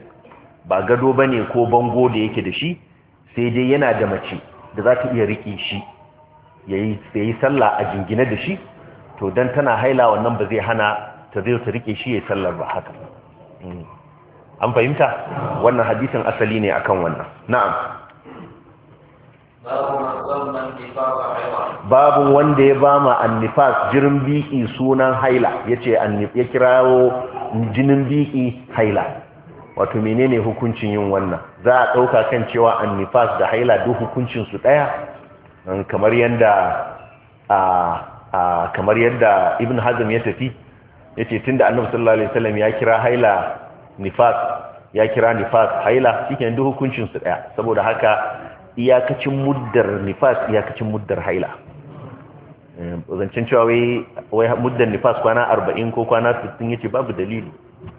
ba gado ba ne ko bango da yake da shi sai dai yana da mace da za ta iya riƙe shi yayi sai sallah a jingina da shi to don tana haila wannan ba zai hana ta zai ta riƙe shi ya sallar ba haka Mm. an fahimta wannan hadisin asali ne akan wannan na'am babu wanda ya bama annifas jirin biki sunan haila yace ya kirawo jinin biki haila wato menene hukuncin yin wannan za a ɗauka kan cewa annifas da haila duk hukuncin su ɗaya kamar yadda kamar yadda ibn hazm ya tafi yace da annabu sallallahu alaihi wasallam ya kira haila nifas ya kira nifas haila ke duk hukuncin su daya saboda haka iyakacin muddar nifas iyakacin muddar haila ehm, zancen cewa wai muddar nifas kwana arba'in ko kwana sittin ya ce babu dalili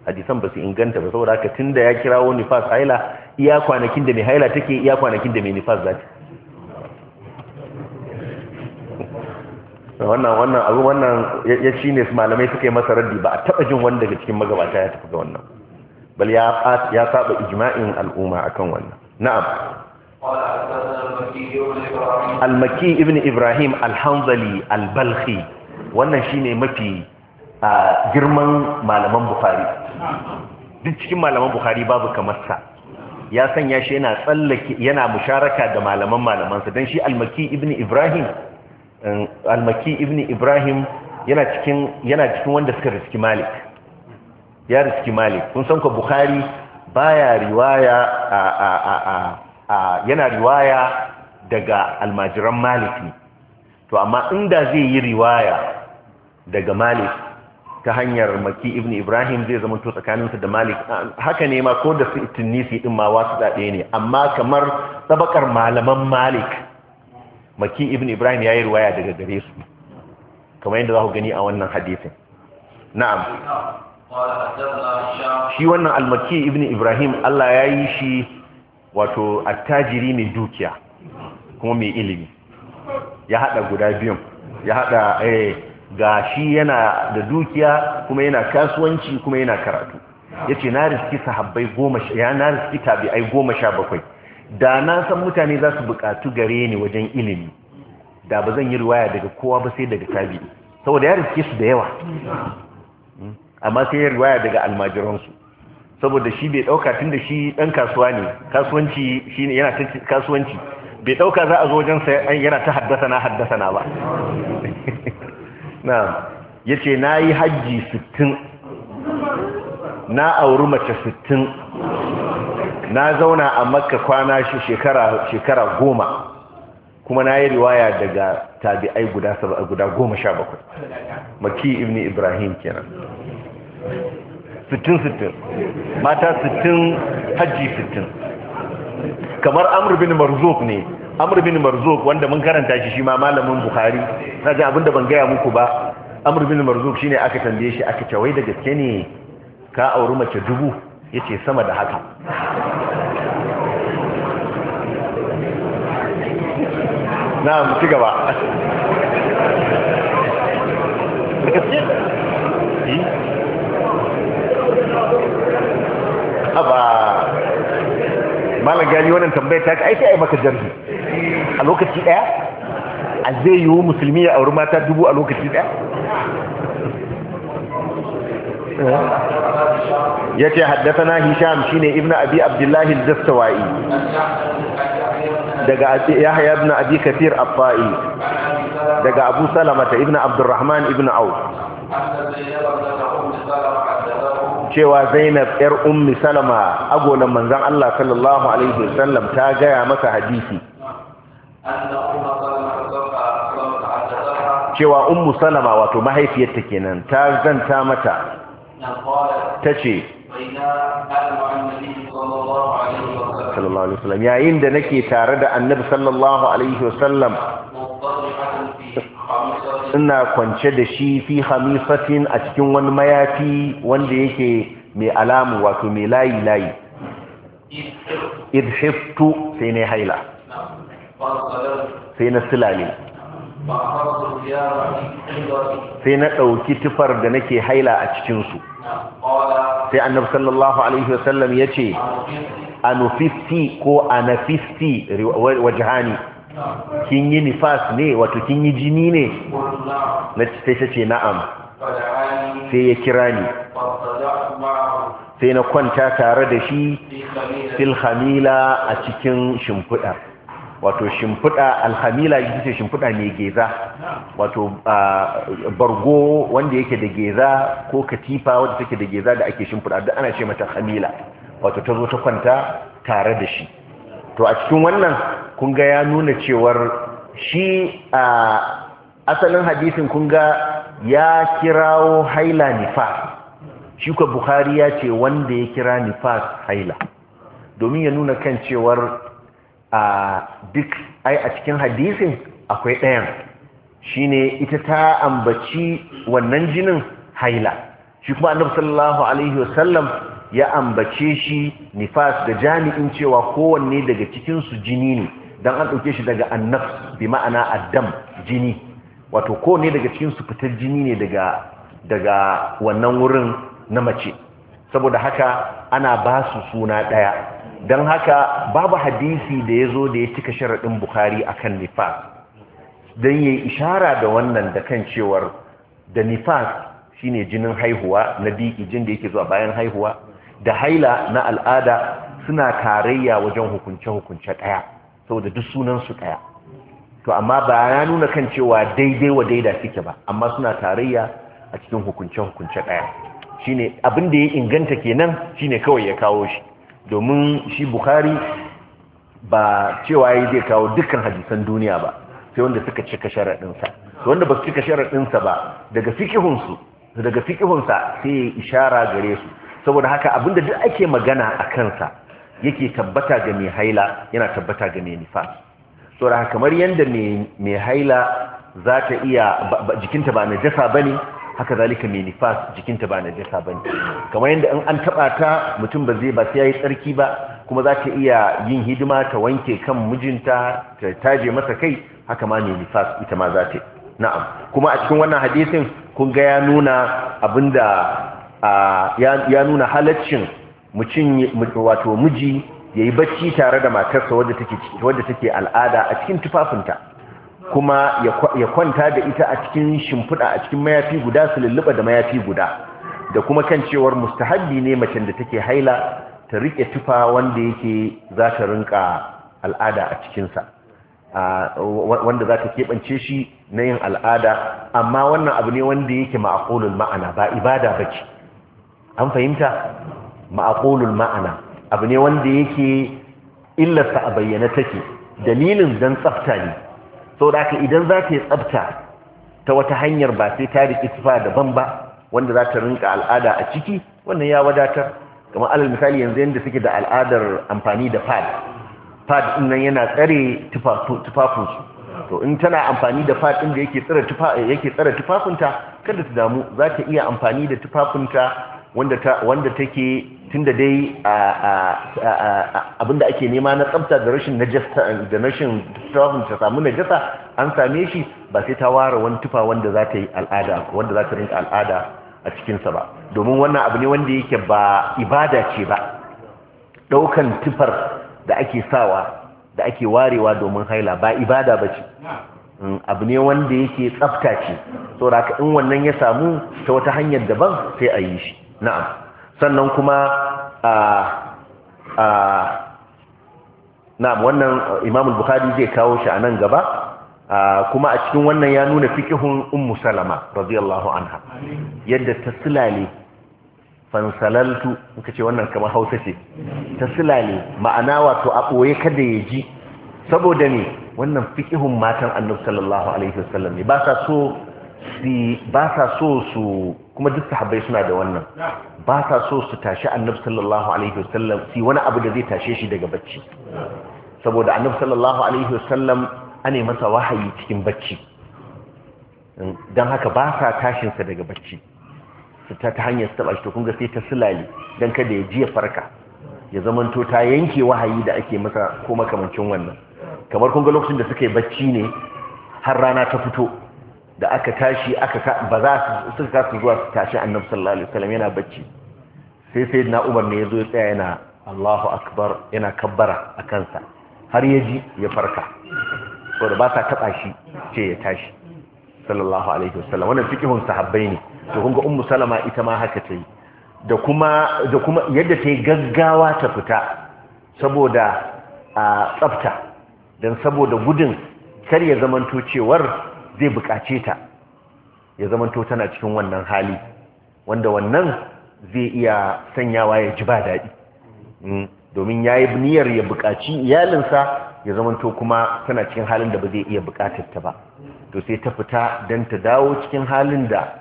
hadisan ba su inganta ba saboda haka tun da ya kirawo nifas haila iya kwanakin da mai haila take iya kwanakin da mai nifas zata wannan wannan abu wannan ya ci ne malamai suka yi masa raddi ba a taba jin wanda daga cikin magabata ya tafi ga wannan bal ya ya saba ijma'in al'umma akan wannan na'am al-maki ibn ibrahim al-hanzali al-balkhi wannan shine mafi girman malaman bukhari duk cikin malaman bukhari babu kamar sa ya sanya shi yana tsallake yana musharaka da malaman malamansa dan shi al-maki ibn ibrahim almaki ibn ibrahim yana cikin wanda suka riski malik ya riski malik kun san ko bukhari baya riwaya yana riwaya daga almajiran malik ne to amma inda zai yi riwaya daga malik ta hanyar maki Ibni ibrahim zai zama to tsakaninsa da malik haka ne ma ko da su tunisi din ma wasu daɗe ne amma kamar tsabakar malaman malik maki ibn ibrahim ya yi ruwaya daga gare su kamar yadda za ku gani a wannan hadisin na'am shi wannan almaki ibn ibrahim allah ya yi shi wato attajiri mai dukiya kuma mai ilimi ya hada guda biyun ya hada eh, ga shi yana da dukiya kuma yana kasuwanci kuma yana karatu ya ce na riski sahabbai goma ya na riski tabi'ai goma sha bakwai da na san mutane za su bukatu gare ni wajen ilimi da ba zan yi riwaya daga kowa ba sai daga tabi saboda ya riske su da yawa hmm? amma sai ya riwaya daga almajiransu saboda shi bai dauka da shi dan kasuwa ne kasuwanci shine yana ta kasuwanci bai dauka za a zo wajen sa yana ta haddasa na haddasa na ba na yace nayi hajji 60 na auri mace sittin. na zauna a makka kwana shi shekara goma kuma na yi riwaya daga tabi'ai guda goma sha bakwai maki ibn ibrahim kenan sittin sittin mata sittin hajji sittin kamar Amurbin Marzok ne Amurbin Marzok wanda mun karanta shi shi ma malamin bukhari na ji abinda ban gaya muku ba Amurbin Marzok shi ne aka tambaye shi aka cawai da gaske ne ka auri mace dubu ya sama da haka na'am ci gaba ba malam gani wannan tambayar ta ai sai ai maka jarhi a lokaci daya a zai yiwu musulmi ya auri mata dubu a lokaci daya ya ce haddasa na hisham shine ibn abi abdullahi al-dastawai daga yahya ibn abi kathir afai daga abu Salama ta ibn abdurrahman ibn auf cewa zainab yar ummi salama agolan manzon Allah sallallahu alaihi wasallam ta gaya masa hadisi cewa ummu salama wato mahaifiyarta kenan ta zanta mata ta ce yayin da nake tare da annabi sallallahu alaihi wasallam ina kwance da shi fi hamisatin a cikin wani mayafi wanda yake mai alamu wato mai layi layi idhiftu sai na haila sai na sai na ɗauki tufar da nake haila a cikinsu sai annabi sallallahu alaihi wasallam ya ce anufisti ko anafisti wajihani kin yi nifas ne wato kin yi jini ne na sai ce na'am sai ya kira ni sai na kwanta tare da shi filhamila a cikin shimfiɗa wato shimfiɗa alhamila ita ce shimfiɗa mai geza wato bargo wanda yake da geza ko katifa wanda take da geza da ake shimfiɗa da ana ce mata hamila wato ta zo ta kwanta tare da shi to a cikin wannan kunga ya nuna cewar shi a asalin hadisin kunga ya kirawo haila nifa, shi ka bukhari ya ce wanda ya kira nifas haila domin ya nuna kan cewar a duk ai a cikin hadisin akwai ɗayan Shi ne ita ta ambaci wannan jinin haila shi kuma annabu sallallahu alaihi wasallam ya ambace shi nifas da jami'in cewa kowanne daga cikin jini ne don an ɗauke shi daga annab bi ma'ana addam jini wato kowanne daga cikin fitar jini ne daga wannan wurin na mace saboda haka ana ba su suna ɗaya. don haka babu hadisi da ya zo da ya cika sharaɗin bukari akan nifas don ya ishara da wannan da kan cewar da nifas shine jinin haihuwa na jin da yake zuwa bayan haihuwa da haila na al'ada suna tarayya wajen hukunce-hukunce ɗaya saboda duk sunansu ɗaya to amma ba ya nuna kan cewa daidai wa daida suke ba amma suna tarayya a cikin hukunce-hukunce ɗaya shine abin da ya inganta kenan shine kawai ya kawo shi domin shi bukhari ba cewa ya zai kawo dukkan hadisan duniya ba sai wanda suka cika sharaɗinsa wanda ba su cika sharaɗinsa ba daga fikihunsu daga fikihunsa sai ya ishara gare su saboda haka abinda duk ake magana a kansa yake tabbata ga mai haila yana tabbata ga mai nifas saboda haka kamar yadda mai haila za ta iya jikinta ba najasa ba ne haka zalika mai nifas jikinta ba najasa bane kamar yadda in an taba ta mutum ba zai ba sai yayi tsarki ba kuma za ta iya yin hidima ta wanke kan mijinta ta taje masa kai haka ma mai nifas ita ma za ta na'am kuma a cikin wannan hadisin kun ga ya nuna abinda ya nuna halaccin mutum wato miji yayi bacci tare da matarsa wadda take al'ada a cikin tufafinta kuma ya kwanta da ita a cikin shimfiɗa a cikin mayafi guda su lulluɓa da mayafi guda da kuma kan cewar mustahabbi ne macen da take haila ta riƙe tufa wanda yake za ta rinƙa al'ada a cikinsa wanda za ta keɓance shi na yin al'ada amma wannan abu ne wanda yake ma'aƙolul ma'ana ba ibada ba ce an fahimta ma'aƙolul ma'ana abu ne wanda yake illarsa a bayyana take dalilin don tsafta ne sau da idan za ta yi tsabta ta wata hanyar ba sai ta riƙi tufa daban ba wanda za ta rinka al'ada a ciki wannan ya wadatar kamar alal misali yanzu yadda suke da al'adar amfani da pad pad nan yana tsare tufafinsu to in tana amfani da pad ɗin da yake tsare yake tsare tufafinta kada ta damu za ta iya amfani da tufafinta wanda wanda take da dai abinda ake nema na tsabta da rashin najasa da rashin ta samu najasa an same shi ba sai ta ware wani tufa wanda za ta yi al'ada wanda za ta rinka al'ada a cikinsa ba domin wannan abu ne wanda yake ba ibada ce ba ɗaukan tufar da ake sawa da ake warewa domin haila ba ibada ba ce mm, abu ne wanda yake tsafta ce saboda in wannan ya samu ta wata hanyar daban sai a yi shi na'am sannan kuma a a na wannan Imam bukhari zai kawo shi a nan gaba kuma a cikin wannan ya nuna fikihun Ummu Salama radiyallahu anha yadda ta silale fansalaltu muka ce wannan kamar Hausa ce ta silale ma'ana wato a ɓoye kada ya ji saboda ne wannan fikihun matan Annabi sallallahu alaihi wasallam ne ba sa so su kuma duk sahabbai suna da wannan ba sa so su tashi annabi sallallahu alaihi wasallam si wani abu da zai tashe shi daga bacci saboda annabi sallallahu alaihi wasallam ane masa wahayi cikin bacci dan haka ba sa tashinsa daga bacci su ta ta hanyar taba shi to kun ga sai ta silale dan kada ya ji ya farka ya zamanto ta yanke wahayi da ake masa ko makamancin wannan kamar kun ga lokacin da suka yi bacci ne har rana ta fito da aka tashi aka ba za su suka zuwa su tashi annab sallallahu alaihi wasallam yana bacci sai sai na umar ne ya zo ya tsaya yana Allahu akbar yana kabbara a kansa har ya ji ya farka saboda ba sa taba shi ce ya tashi sallallahu alaihi wasallam wannan fiqhun sahabbai ne to kun ga ummu salama ita ma haka ta da kuma da kuma yadda ta yi gaggawa ta fita saboda a tsafta dan saboda gudun kar ya zamanto cewar zai buƙace ta ya zamanto tana cikin wannan hali wanda wannan zai iya sanyawa ya ji ba daɗi mm, domin ya yi niyyar ya buƙaci iyalinsa ya zamanto kuma tana cikin halin da ba zai iya buƙatar ta ba to sai ta fita don ta dawo cikin halin da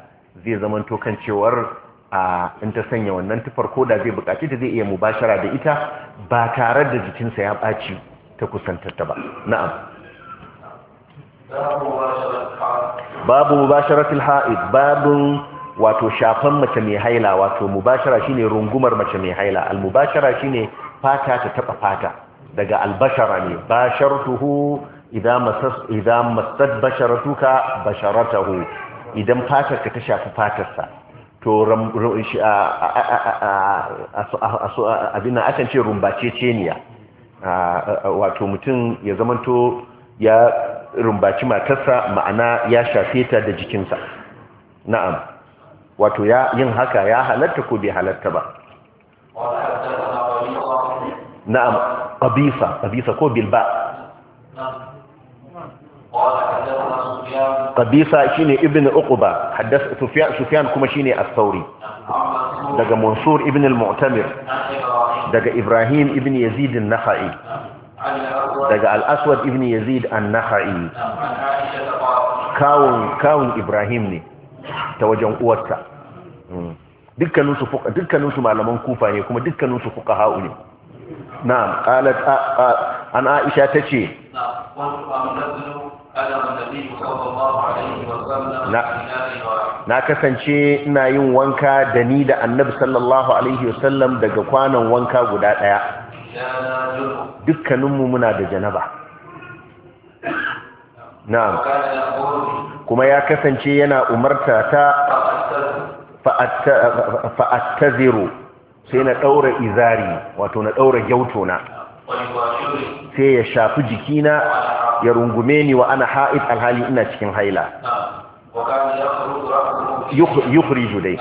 zai zamanto kan cewar a in ta sanya wannan tufar ko da zai bukaci ta zai iya mubashara da ita ba tare da jikinsa ya ɓaci ta kusantar ta ba na'am babu mubasharatul ha'id babun wato shafan mace mai haila wato mubashara shine rungumar mace mai haila al mubashara shine fata ta taba fata daga albashara ne basharatuhu idan masas idan masad basharatuka basharatahu idan fatar ka ta shafi fatarsa to abin akan ce ya wato mutum ya zamanto ya rumbaci matarsa ma'ana ya shafe ta da jikinsa na'am wato ya yin haka ya halatta ko bai halatta ba na'am qabisa qabisa ko bilba qabisa shine ibnu uqba haddath sufyan sufyan kuma shine as-sauri daga mansur ibn al-mu'tamir daga ibrahim ibn yazid an-nakhai daga al-aswad ibn yazid an-nakhai kawun ibrahim ne ta wajen uwarta. Hmm. Dukkaninsu malaman kufa ne kuma dukkaninsu su fuqaha ne na'am qalat an aisha ta ce. na kasance ina yin wanka da ni da annabi sallallahu alaihi wasallam daga kwanan wanka guda daya dukkaninmu muna da janaba na'am kuma ya kasance yana umarta ta fa'attaziro sai na ɗaura izari wato na ɗaura gyautona sai ya shafi jikina ya rungume ni wa ana ha'id alhali ina cikin haila yukhrij dai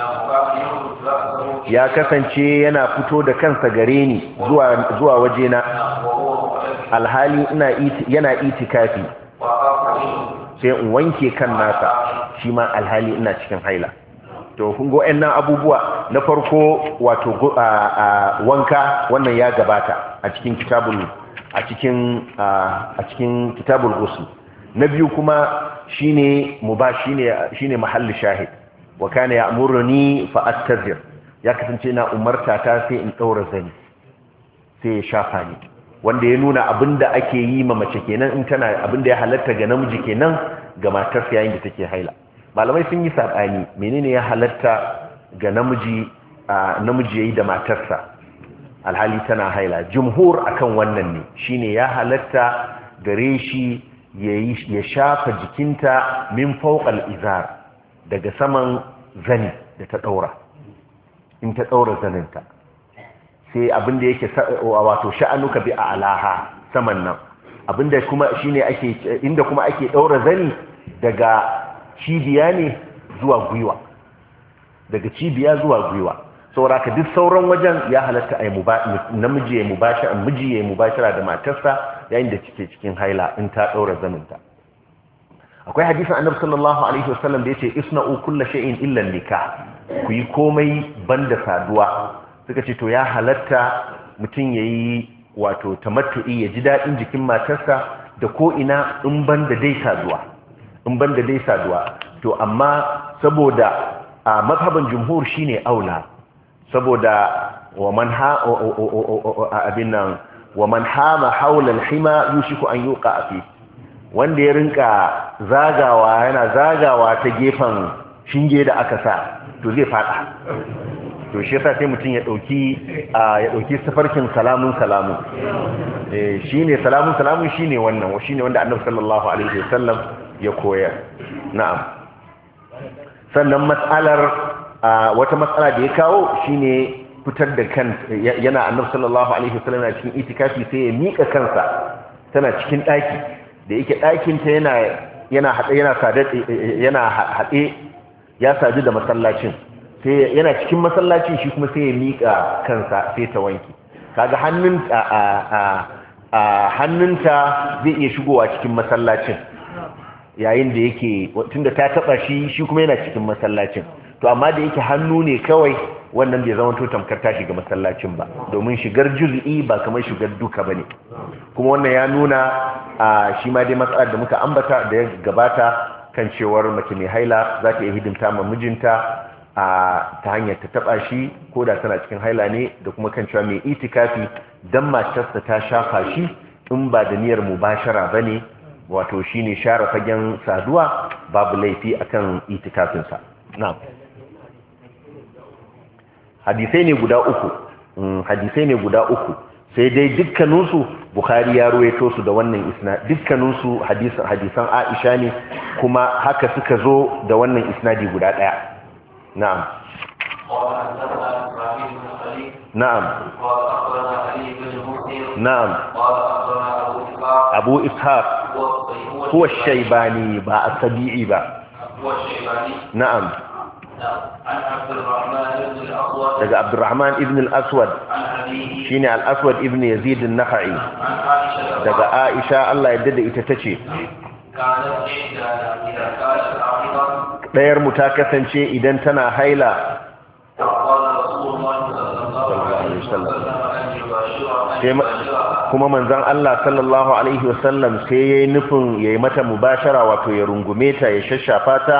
ya kasance yana fito da kansa gare ni zuwa zuwa wajena alhali ina yana itikafi sai in wanke kan nasa shi ma alhali ina cikin haila to kun go ɗan abubuwa na farko wato wanka wannan ya gabata a cikin kitabul a cikin a cikin kitabul ghusl na biyu kuma shine muba shine shine mahalli shahid wa kana ya'muruni fa attazir ya kasance na umarta ta sai in daura zani sai ya shafa ni wanda ya nuna abinda ake yi ma mace kenan in tana abinda ya halatta ga namiji kenan ga matar yayin da take haila malamai sun yi sabani menene ya halatta ga namiji namiji yayi da matarsa alhali tana haila jumhur akan wannan ne shine ya halatta gare shi ya shafa jikinta min fauƙal izar daga saman zani da ta ɗaura in ta ɗaura zaninta sai abinda yake wato sha'anuka bi a alaha saman nan abinda kuma shine ake inda kuma ake ɗaura zani daga cibiya ne zuwa gwiwa daga cibiya zuwa gwiwa saura ka duk sauran wajen ya halatta yi namiji ya mubashara miji ya mubashara da matarsa yayin da cike cikin haila in ta daura zaminta. akwai hadisin annabi sallallahu alaihi wasallam da yace isna'u kullu shay'in illa nikah ku yi komai banda saduwa suka ce to ya halatta mutum yayi wato tamattu'i ya ji dadin jikin matarsa da ko ina in banda dai saduwa in banda dai saduwa to amma saboda a mazhaban jumhur shine aula saboda wa man ha abin nan wa man hama haula hima yushiku an yuqa fi wanda ya rinka zagawa yana zagawa ta gefen shinge da aka sa to zai fada to shi yasa sai mutum ya dauki ya dauki safarkin salamun eh, salamun eh shine salamun salamun shine wannan shine wanda Annabi sallallahu alaihi wasallam ya koyar na'am sannan mas'alar wata matsala da ya kawo shine fitar da kan yana annabi sallallahu alaihi wasallam Yana cikin itikafi sai ya mika kansa tana cikin daki da yake dakin ta yana yana hade yana sadar yana hade ya sadu da masallacin sai yana cikin masallacin shi kuma sai ya mika kansa sai ta wanki kaga hannun a a hannunta zai iya shigowa cikin masallacin yayin da yake tunda ta taba shi shi kuma yana cikin masallacin to amma da yake hannu ne kawai wannan bai zama to tamkar ta shiga masallacin ba domin shigar juz'i ba kamar shigar duka bane kuma wannan ya nuna a shi ma dai matsalar da muka ambata da ya gabata kan cewar mace mai haila za ta iya hidimta ma mijinta a ta hanyar ta taba shi ko da tana cikin haila ne da kuma kan cewa mai itikafi dan matarsa ta shafa shi in ba da niyyar mubashara bane wato shine share fagen saduwa babu laifi akan itikafinsa na'am hadisai ne guda uku mm, hadisai ne guda uku sai dai dukkaninsu bukhari ya ruwaito su da wannan isna dukkaninsu hadisan aisha ne kuma haka suka zo da wannan isnadi guda daya na'am na'am na'am abu ishaq huwa shaybani ba asabi'i ba na'am daga abdurrahman ibn al-aswad shine al-aswad ibn yazid an-nakhai daga aisha Allah ya dade ita tace dayar mu ta kasance idan tana haila kuma manzon Allah sallallahu alaihi wasallam sai yayi nufin yayi mata mubashara wato ya rungume ta ya shashafa ta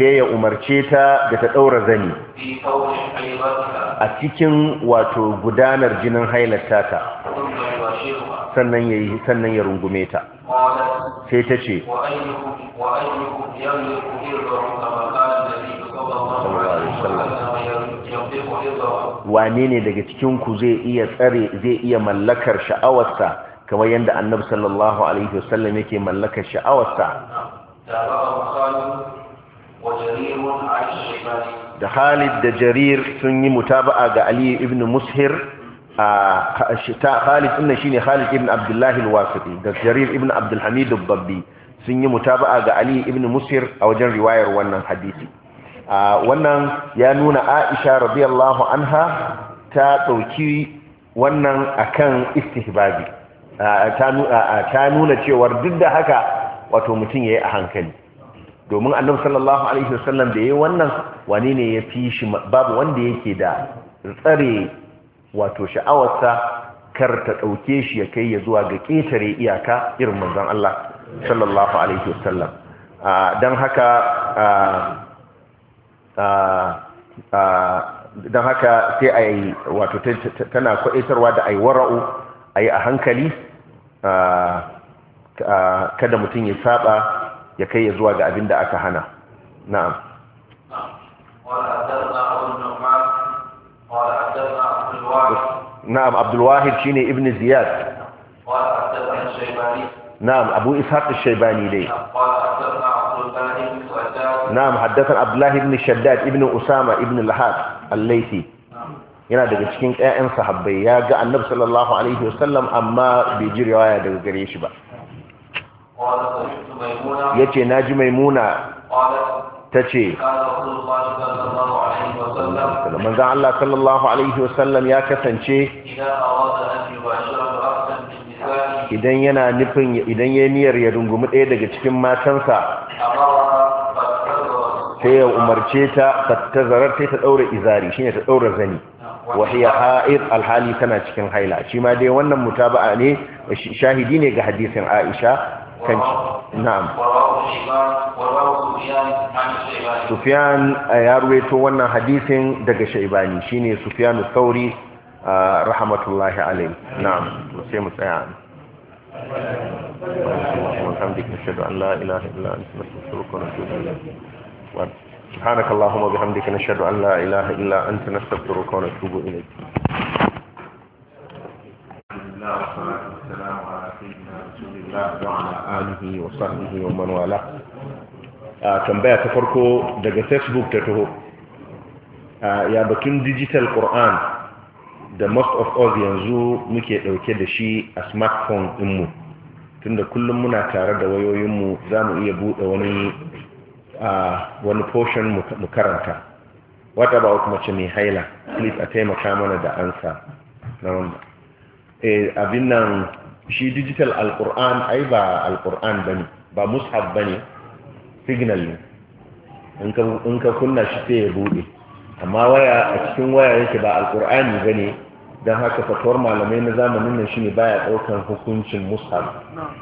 sai ya umarce ta da ta ɗaura zani a cikin wato gudanar jinin hailarta ta sannan ya rungume ta sai ta ce wane ne daga cikinku zai iya tsare zai iya mallakar sha'awarsa kamar yadda annabi sallallahu alaihi wasallam yake mallakar sha'awarsa da Khalid da Jarir sun yi mutaba'a ga Ali ibn Mushir a Khalid din shine Khalid ibn Abdullah al-Wasiti da Jarir ibn Abdul Hamid al-Babbi sun yi mutaba'a ga Ali ibn Mushir a wajen riwayar wannan hadisi wannan ya nuna Aisha radiyallahu anha ta dauki wannan akan istihbabi ta nuna cewar duk da haka wato mutum yayi a hankali domin annabi sallallahu alaihi wasallam da yi wannan wani ne ya fi shi babu wanda yake da tsare wato sha'awarsa kar ta ɗauke shi ya kai ya zuwa ga ƙetare iyaka irin manzon Allah sallallahu alaihi wasallam dan haka don haka sai a yi wato tana kwaitarwa da a yi wara'u a yi a hankali kada mutum ya saba ya kai ya zuwa ga abin da aka hana na'am na'am abdulwahid shine ibn ziyad نعم أبو إسحاق الشيباني لي نعم حدثنا عبد الله بن شداد ابن أسامة ابن الحاد الليثي yana daga cikin ƴaƴan sahabbai ya ga annabi sallallahu alaihi wasallam amma bai ji riwaya daga gare shi ba ya ce na ji maimuna ta ce manzan Allah sallallahu Alaihi wasallam ya kasance idan yana nufin idan ya niyar ya rungumi ɗaya daga cikin matansa sai ya umarce ta ta zarar sai ta ɗaura izari shine ta ɗaura zani ya ha'ir alhali tana cikin haila shi ma dai wannan mutaba'a ne shahidi ne ga hadisin Aisha kan na'am sufyan eh, ya ruwaito wannan hadisin daga shaibani shine sufyan thauri eh, rahmatullahi alayhi na'am sai mu tsaya سبحانك اللهم وبحمدك نشهد أن لا إله إلا أنت نستغفرك ونتوب إليك الله وعلى آله وصحبه ومن والاه tambaya ta farko daga fesbuk ta taho ya batun dijital quran da most of us yanzu muke ɗauke da shi a smartphone dinmu tunda kullum muna tare da wayoyinmu za mu iya buɗe wani wani portion mu karanta wata ba kuma ce mai haila please a taimaka mana da ansa na wanda shi digital alkur'an ai ba alkur'an ba ne ba mushaf ba ne signal ne in ka kunna shi sai ya bude amma waya a cikin waya yake ba alkur'ani ba ne don haka fatuwar malamai na zamanin nan shi ne baya daukan hukuncin mushaf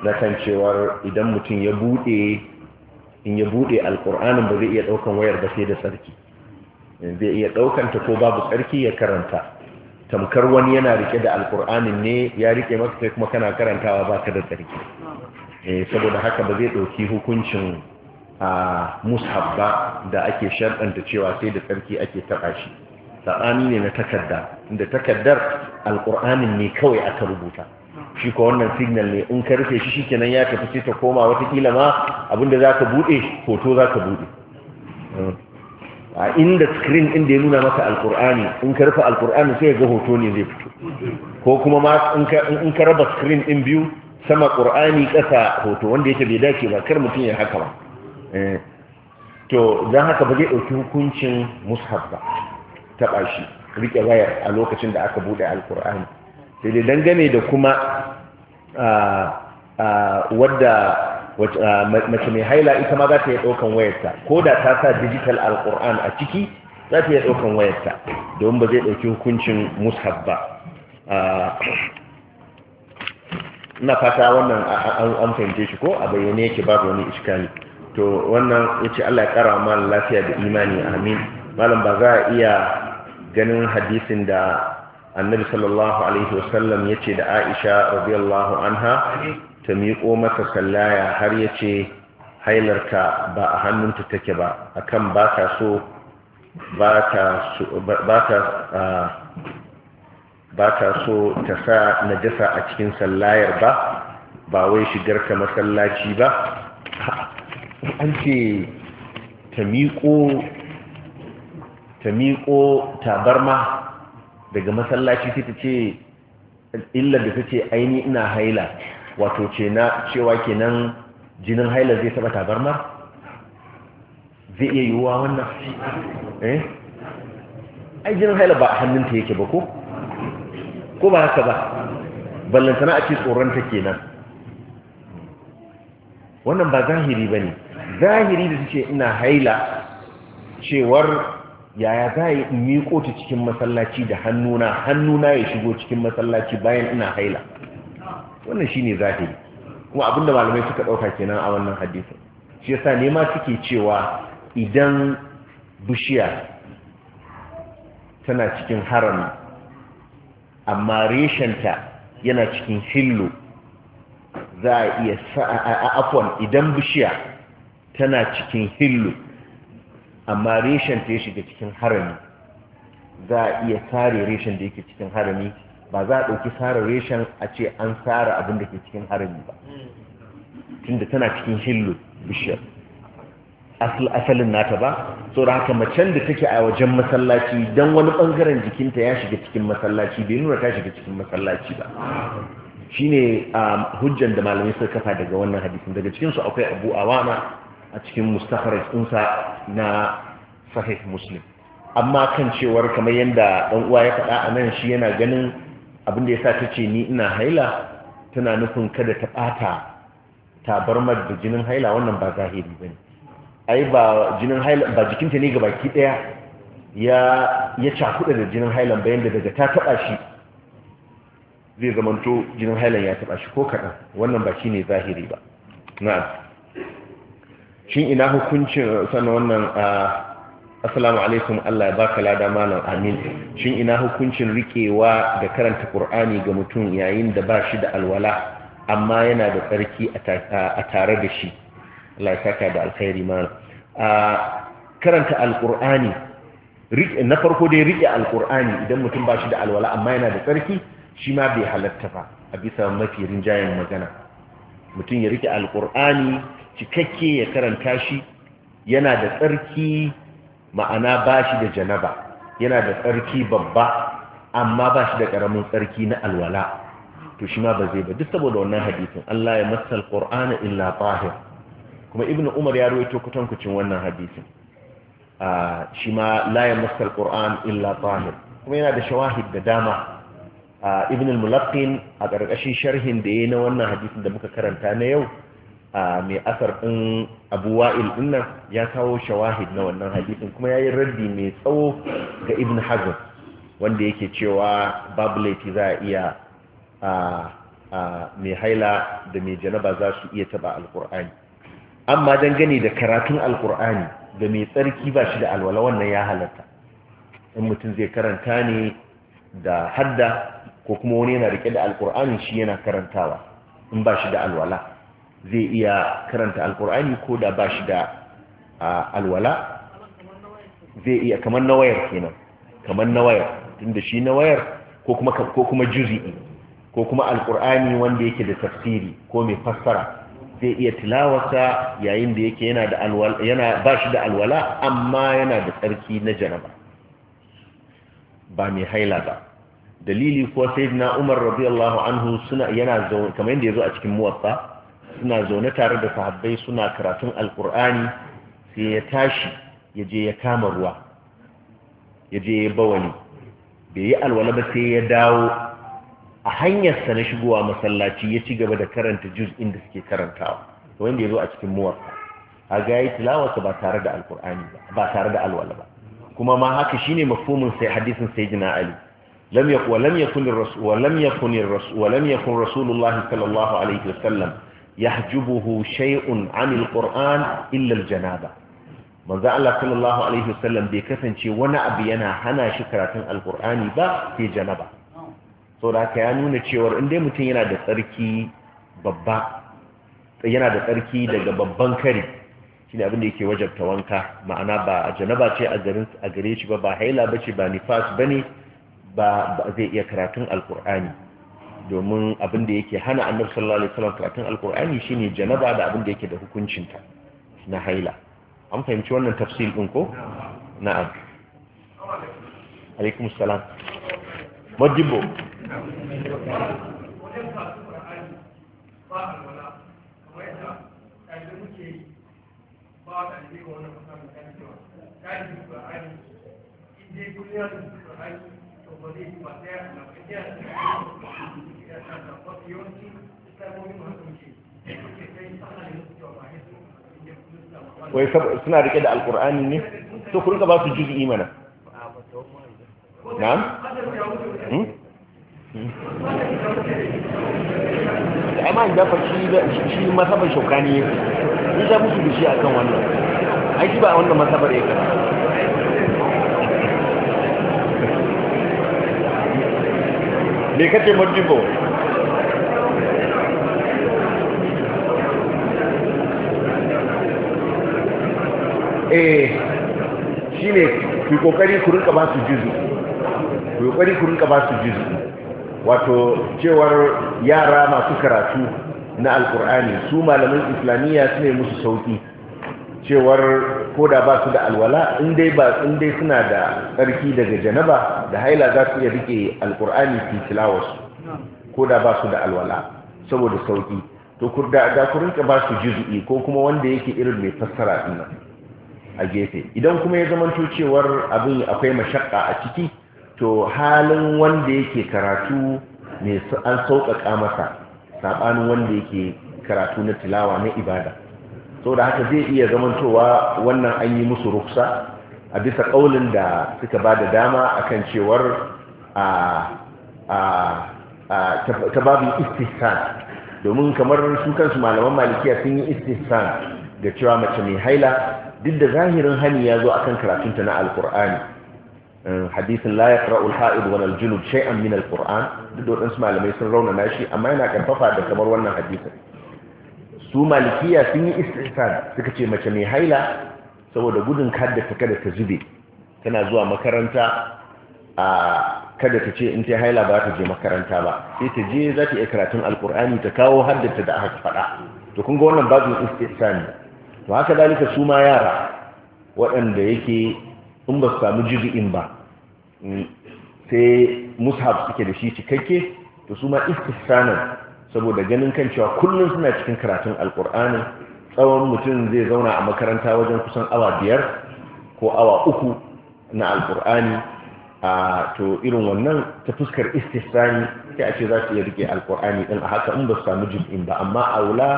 na kan cewar idan mutum ya bude in ya bude alkur'anin ba zai iya daukan wayar ba sai da sarki zai iya daukanta ko babu tsarki ya karanta tamkar wani yana rike da alkur'anin ne ya rike maka sai kuma kana karantawa ba ka da tsarki eh, saboda haka ba zai ɗauki hukuncin a mushaf da ake sharɗanta cewa sai da tsarki ake taɓa shi saɓani ne na takarda inda takardar alkur'anin ne kawai aka rubuta shi ko wannan signal ne in ka rufe shi shikenan ya tafi sai ta koma wata kila ma abinda za ka buɗe hoto za ka buɗe hmm. a inda screen da ya nuna maka alkur'ani in ka rufe alkur'ani sai ga hoto ne zai fito ko kuma ma in ka raba screen din biyu sama qur'ani ƙasa hoto wanda yake bai dace ba kar mutum ya haka ba eh. to dan haka ba zai ɗauki hukuncin mushaf ba taɓa shi riƙe wayar a lokacin da aka bude alkur'ani sai dai dangane da kuma a ah, ah, wadda Ah, mace mai haila ita ma za ta yi ɗaukan wayarta ko da ta sa digital alkur'an a ciki za ta yi ɗaukan wayarta don ba zai ɗauki hukuncin mushaf ba ah, ina fata wannan an fahimce shi ko a bayyane yake babu wani iskali to wannan ya ce allah ya ƙara wa lafiya da imani amin malam ba za a iya ganin hadisin da annabi sallallahu alaihi wasallam ya ce da aisha radiyallahu anha ta miƙo masa sallaya har ya ce hailarka ba a hannunta take ba kan ba ta so ba ta so ta sa na najasa a cikin sallayar ba ba wai shigar ta masallaci ba an ce ta miƙo tabarma daga masallaci ta ce illar da ta ce aini ina haila wato ce na cewa kenan jinin haila zai taba tabarma zai iya yiwuwa wannan eh ai jinin haila ba a hannunta yake ba ko ko ba haka ba ballantana a ce tsoronta kenan wannan ba zahiri ba ne zahiri da suke ina haila cewar yaya za a yi miƙo ta cikin masallaci da hannuna hannuna ya shigo cikin masallaci bayan ina haila wannan shi shine zahiri kuma abinda malamai suka ɗauka kenan a wannan hadisi shi yasa ne suke cewa idan bishiya tana cikin harami amma reshenta yana cikin hillo za a iya afon idan bishiya tana cikin hillo amma reshenta ya shiga cikin harami za a iya sare reshen da yake cikin harami ba za a ɗauki sara reshen a ce an sara abin da ke cikin harami ba tunda tana cikin hillu bishiyar asalin nata ba so da haka macen da take a wajen masallaci don wani ɓangaren jikinta ya shiga cikin masallaci bai nuna ta shiga cikin masallaci ba Shi shine um, hujjan da malamai suka kafa daga wannan hadisin daga cikinsu akwai abu awana a cikin mustafa ɗinsa na sahih muslim amma kan cewar kamar yadda ɗan uwa ya faɗa a nan shi yana ganin abin da ya sa ta ce ni ina haila tana nufin kada ta bata tabarmar da jinin haila wannan ba zahiri ba ne. ai ba jinin haila ba jikinta ne gabaki ɗaya ya ya cakuɗa da jinin hailan bayan da daga ta taba shi zai zamanto jinin hailan ya taba shi ko kaɗan wannan ba shine zahiri ba na'am shin ina hukuncin sannan wannan a ah, assalamu alaikum Allah ya baka lada malam amin shin ina hukuncin rikewa da karanta qur'ani ga mutum yayin da ba shi da alwala amma yana da tsarki a tare da shi Allah ya saka da alkhairi malam karanta alqur'ani na farko dai rike alqur'ani idan mutum ba shi da alwala amma yana da tsarki shi ma bai halatta ba a bisa mafi rinjayen magana mutum ya rike alqur'ani cikakke ya karanta shi yana da tsarki ma'ana ba shi da janaba yana da tsarki babba amma ba shi da ƙaramin tsarki na alwala to shi ma ba zai ba duk saboda wannan hadisin Allah ya masal qur'ana illa tahir kuma Ibn umar ya rawaito kutankucin wannan hadisin a shi ma la ya masal qur'an illa tahir kuma yana da shawahid da dama ibn al-mulaqqin a ƙarƙashin sharhin da yi na wannan hadisin da muka karanta na yau a mai asar ɗin abu wa'il nan ya kawo shawahid na wannan hadisin kuma ya yi raddi mai tsawo ga ibn hazm wanda yake cewa babu laifi za a iya mai haila da mai janaba za su iya taba alkur'ani amma dangane da karatun alkur'ani da mai tsarki ba shi da alwala wannan ya halatta in mutum zai karanta ne da hadda ko kuma wani yana rike da alkur'ani shi yana karantawa in ba shi da alwala zai iya karanta alkur'ani ko da ba shi da alwala zai iya kamar na wayar kenan kamar na wayar tunda shi na wayar ko kuma ko kuma juz'i ko kuma alkur'ani wanda yake da tafsiri ko mai fassara zai iya tilawarsa yayin da yake yana da alwala yana ba shi da alwala amma yana da tsarki na janaba ba mai haila ba dalili ko sayyidina Umar radiyallahu anhu suna yana kamar yadda yazo a cikin muwaffa. suna zaune tare da sahabbai suna karatun alkur'ani sai ya tashi ya je ya kama ruwa ya je ya bawani bai yi alwala ba sai ya dawo a hanyarsa na shigowa masallaci ya ci gaba da karanta juz'in da suke karantawa wanda ya zo a cikin muwarsa a ga yi tilawarsa ba tare da alkur'ani ba ba tare da alwala ba kuma ma haka shine mafumin sai hadisin sayyidina ali yakun wa lam yakun rasulullahi sallallahu alaihi wasallam yahjubuhu shai'un 'anil qur'an illal al-janaba manzo Allah sallallahu alaihi wasallam bai kasance wani abu yana hana shi karatun alqur'ani ba sai janaba so da ya nuna cewa in dai mutum yana da tsarki yana da tsarki daga babban kari. shine abin da yake wajabta wanka ma'ana ba janaba ce a garin a ba ba haila ba ce, ba nifas bane ba zai iya karatun alqur'ani domin abin da yake hana annabi sallallahu alaihi wasallam karatun alqur'ani shine janaba da abin da yake da hukuncinta na haila an fahimci wannan tafsir din ko na'am alaikum salam majibo Thank you. wai suna rike da alkur'ani ne to kurinka ba su juzi mana na? Hmm? Hmm. da amma in dafa shi masabar shaukani ya fi ya za musu da shi a kan wannan aiki ba a wannan masabar ya kasa me kace modibo eh shine ku kokari ku rinka ba su juzu ku kokari ku rinka ba su juzu wato cewar yara masu karatu na alkur'ani su malamin islamiyya su ne musu sauki cewar koda ba su da alwala in dai ba in suna da tsarki daga janaba da haila za su iya rike alkur'ani fi tilawarsu koda ba su da alwala saboda sauki to kurda da ku rinka ba su juz'i ko kuma wanda yake irin mai fassara din a gefe idan kuma ya zamanto cewar abin akwai mashakka a ciki to halin wanda yake karatu ne an sauƙaƙa masa saɓanin wanda yake karatu na tilawa na ibada da haka zai iya zamantowa wannan an yi musu ruksa a bisa ƙaunin da suka ba da dama kan cewar ta babin istihsan domin kamar su kansu malaman malikiya sun yi istihsan ga cewa mace mai haila duk da zahirin hani ya zo akan karatunta na alkur'ani eh, hadisin la ya ƙara'ul ha'id wani aljunub shay'an min alkur'an duk da waɗansu malamai sun raunana shi amma yana ƙarfafa da kamar wannan hadisin su malikiya sun yi istihsan suka ce mace mai haila saboda gudun kada ta kada ta zube tana zuwa makaranta a kada ta ce in ta haila ba ta je makaranta ba sai ta je za ta iya karatun alkur'ani ta kawo haddata da aka faɗa to kun ga wannan babin ne to haka dalika su ma yara waɗanda yake in ba su samu juzu'in ba mm, sai mushaf suke da shi cikakke to su ma istihsanan saboda ganin kan cewa kullum suna cikin karatun alkur'ani tsawon mutum zai zauna a makaranta wajen kusan awa biyar ko awa uku na alkur'ani a to irin wannan ta fuskar istisani sai a ce za su iya rike alkur'ani ɗin a haka in ba su samu jib'in ba amma aula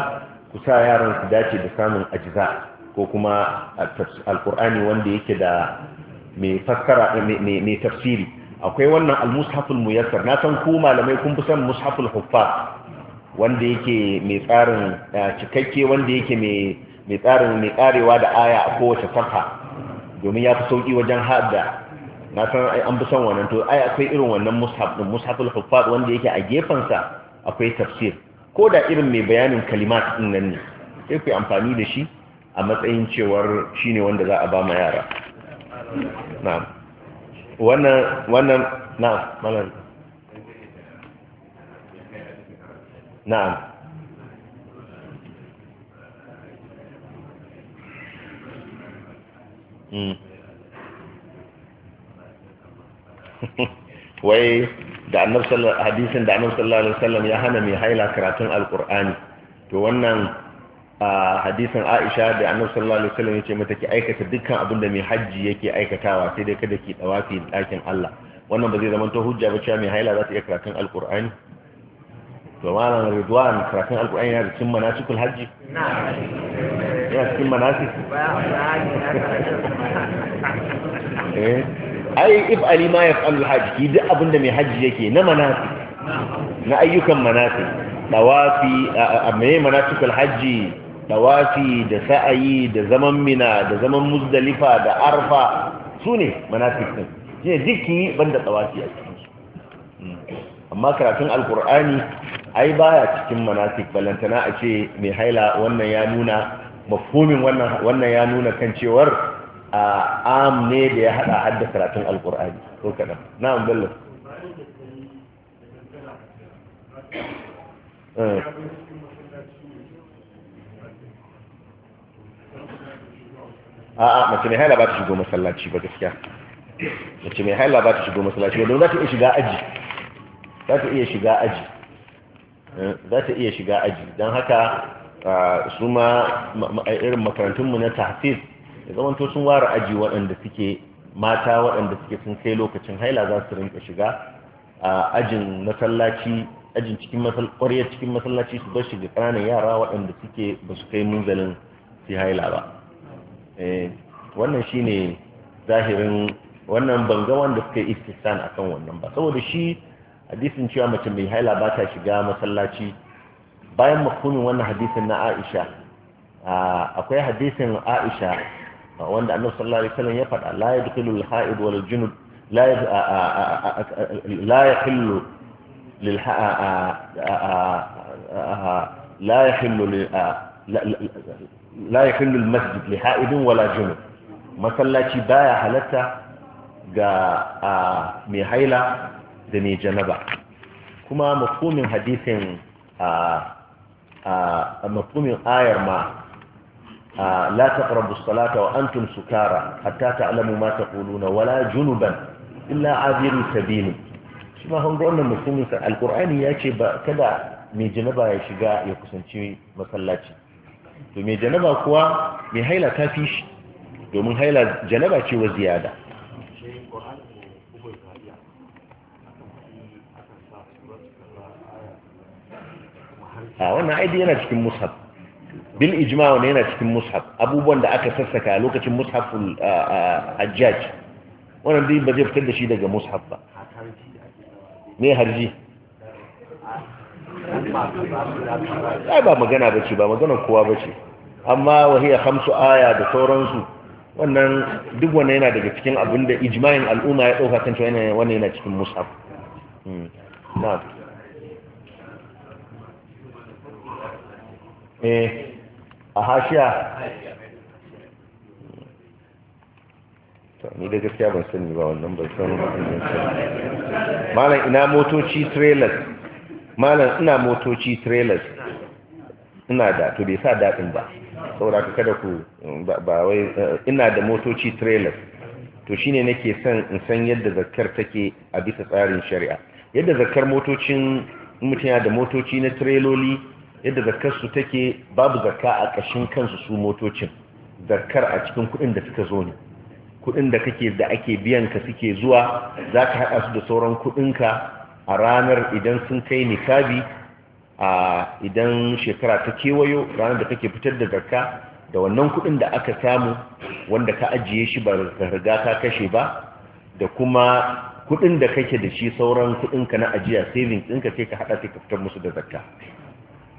ku sa yaran su dace da samun ajiza ko kuma alkur'ani wanda yake da mai fassara mai tafsiri akwai wannan almushaful muyassar na san ku malamai kun fi san mushaful huffa wanda yake mai tsarin eh, cikakke wanda yake mai tsarin mai karewa da aya a kowace farha domin ya fi sauki wajen hada na san an fi son wannan to ai akwai irin wannan mushaf din mushaful huffaz wanda yake a sa akwai tafsir ko da irin mai bayanin kalimat din nan ne sai ku amfani da shi a matsayin cewar shine wanda za a ba ma yara na'am wannan wannan na'am malam na'am hmm. wai da annabi sallallahu hadisin da annabi sallallahu alaihi wasallam ya hana mai haila karatun alqur'ani to wannan hadisin Aisha da annabi sallallahu alaihi wasallam yace mata ki aikata dukkan abin da mai haji yake aikatawa sai dai kada ki dawafi dakin Allah wannan ba zai zama to hujja ba cewa mai haila za ta iya karatun alqur'ani to malam ridwan karatun alkur'ani yana da cikin manasikul hajji yana cikin manasik eh ai if ali ma yaf'alul hajji duk abinda mai hajji yake na manasik na ayyukan manasik tawafi a mai manasikul hajji tawafi da sa'ayi da zaman mina da zaman muzdalifa da arfa su ne manasik din shi ne duk yi tawafi a cikin hmm. amma karatun alkur'ani ai baya cikin manasik balantana a ce mai haila wannan ya nuna mafhumin wannan ya nuna kan cewar am ne da ya hada hadda karatun alqur'ani ko kadan na'am bello eh. a'a mace mai haila ba ta shigo masallaci ba gaskiya mace mai haila ba ta shigo masallaci ba don za ta iya shiga aji za ta iya shiga aji za ta iya shiga aji don haka su ma irin makarantunmu na tafis da zamanto sun ware aji waɗanda suke mata waɗanda suke sun kai lokacin haila za su rinka shiga ajin masallaci ajin cikin ƙwariyar cikin masallaci su bar shiga ƙananan yara waɗanda suke ba su kai munzalin su haila ba eh, wannan shine zahirin wannan banga wanda suka yi istisan akan wannan ba saboda shi hadisin cewa mace mai haila ba ta shiga masallaci bayan mafhumin wannan hadisin na Aisha akwai hadisin Aisha wanda Annabi sallallahu alaihi wasallam ya faɗa la yadkhulul ha'id wal junud la la yahillu lil لا يحل لا يحل المسجد لحائض ولا جنب masallaci baya halatta ga mai haila da mai janaba kuma mafumin hadisin a ayar ma a latar rabustalata wa antum sukara hatta ta alamu mata kuluna wala junuban illa abirin sabini shi ma hangon wannan al al'ur'ani ya ce ba kada mai janaba ya shiga ya kusanci masallaci to mai janaba kuwa mai haila ta shi domin haila janaba ce wa ziyada a wannan aidi yana cikin mushaf bil ijma ne yana cikin mushaf abubuwan da aka sassaka a lokacin mushaful hajjaj wannan dai ba zai fitar da shi daga mushaf ba me harji ai ba magana bace ba magana kowa bace amma wahiya khamsu aya da sauransu wannan duk wannan yana daga cikin abinda ijma'in al'umma ya dauka kan cewa wannan yana cikin mushaf hmm. na'am eh a hashiya ni da gaskiya ban sani ba wannan ban san malam ina motoci trailers malam ina motoci trailers ina da to bai sa daɗin ba saboda ka kada ku ba wai eh, ina da motoci trailers to shine nake son in san yadda zakkar take a bisa tsarin shari'a yadda zakkar motocin mutum da motoci na trailoli yadda zakar zakarsu take babu zakka a ƙashin kansu su motocin zakar a cikin kuɗin da suka zo ne kuɗin da kake da ake biyan ka suke zuwa za ka haɗa su da sauran kuɗinka a ranar idan sun kai nikabi a idan shekara ta kewayo ranar da kake fitar da zakka da wannan kuɗin da aka samu wanda ka ajiye shi ba ka riga ka kashe ba da kuma kuɗin da kake da shi sauran kuɗinka na ajiya saving ɗinka sai ka haɗa sai ka fitar musu da zakka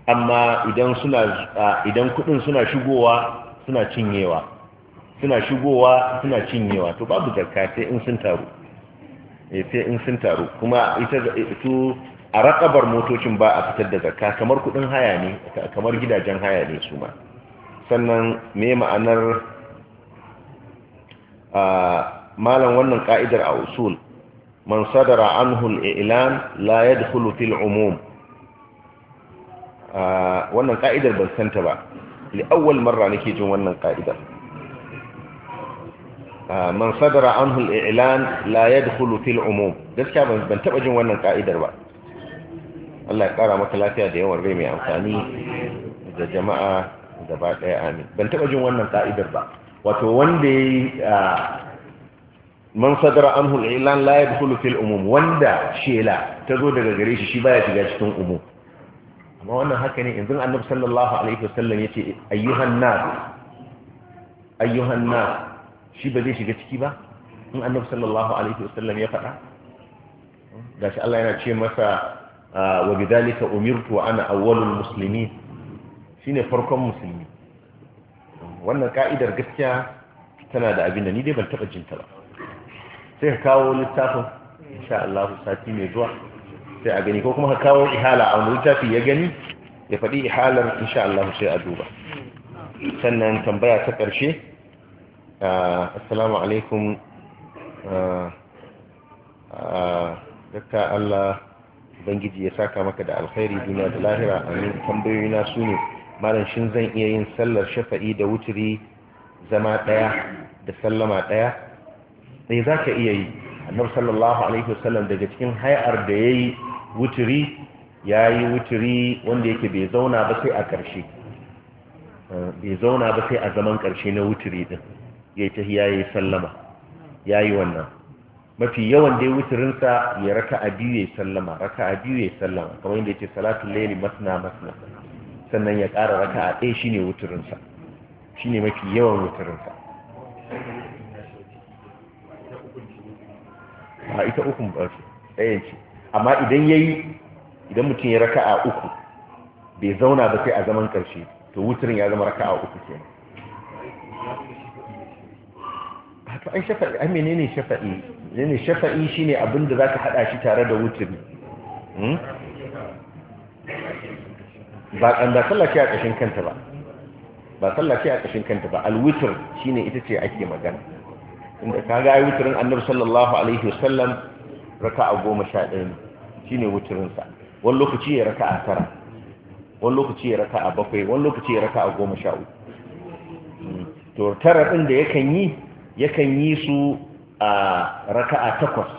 amma idan suna idan kuɗin suna shigowa suna cinyewa suna shigowa suna cinyewa to babu zakka sai in sun taru eh, sai in sun taru kuma ita su a raƙabar motocin ba a fitar da zakka kamar kuɗin haya ne kamar gidajen haya ne su ma sannan me ma'anar malam wannan ka'idar a usul man sadara anhu al-i'lan la yadkhulu fil umum wannan ka'idar ban santa ba li awwal marra nake jin wannan ka'idar man sadara anhu al-i'lan la yadkhulu fil umum gaskiya ban ban taba jin wannan ka'idar ba Allah ya kara maka lafiya da yawan rai mai amfani da jama'a gaba daya amin ban taba jin wannan ka'idar ba wato wanda yayi man sadara anhu al-i'lan la yadkhulu fil umum wanda shela tazo daga gare shi shi baya shiga cikin umum amma wannan haka ne yanzu annabi sallallahu alaihi wasallam yace ayyuhan nas ayyuhan nas shi ba zai shiga ciki ba in annabi sallallahu alaihi wasallam ya faɗa gashi Allah yana ce masa ah, wa bidalika umirtu wa ana awwalul muslimin shine farkon musulmi wannan ka'idar gaskiya tana da abin da ni dai ban taɓa jinta ba sai ka kawo littafin insha Allah sati mai zuwa sai a gani ko kuma ka kawo ihala a wani littafi ya gani ya faɗi ihalar insha Allah sai a duba sannan tambaya ta ƙarshe assalamu alaikum dakta Allah bangiji ya saka maka da alkhairi duniya da lahira amin tambayoyina su ne malam shin zan iya yin sallar shafa'i da wuturi zama ɗaya da sallama ɗaya sai eh, za ka iya yi annabi sallallahu alaihi wasallam daga cikin hayar da ya yi wuturi ya yi wuturi wanda yake bai zauna ba sai a ƙarshe eh, bai zauna ba sai a zaman ƙarshe na wuturi ɗin ya yi tahiya sallama ya yi wannan mafi yawan dai wuturinsa ya raka a biyu ya yi sallama raka a biyu ya yi sallama kamar yadda ce salatu laili masna masna sannan ya ƙara raka a ɗaya shine wuturinsa shine mafi yawan wuturinsa a ah, ita ukun ba su ɗayan ce amma idan yayi idan mutum ya raka'a uku bai zauna ba sai a zaman karshe to wuturin ya zama raka'a uku kenan to an shafa'i ai menene shafa'i menene shafa'i shine abin da zaka hada shi tare da wutiri hmm? ba kanda sallah a kashin kanta ba ba sallah a kashin kanta ba shi shine ita ce ake magana inda kaga ga wutirin annabi sallallahu alaihi wasallam raka'a goma sha ɗaya ne shine wutarinsa. wani lokaci ya raka'a tara wani lokaci ya raka'a bakwai wani lokaci ya raka'a goma sha uku mm. to tara ɗin da yakan yi yakan yi su a raka'a takwas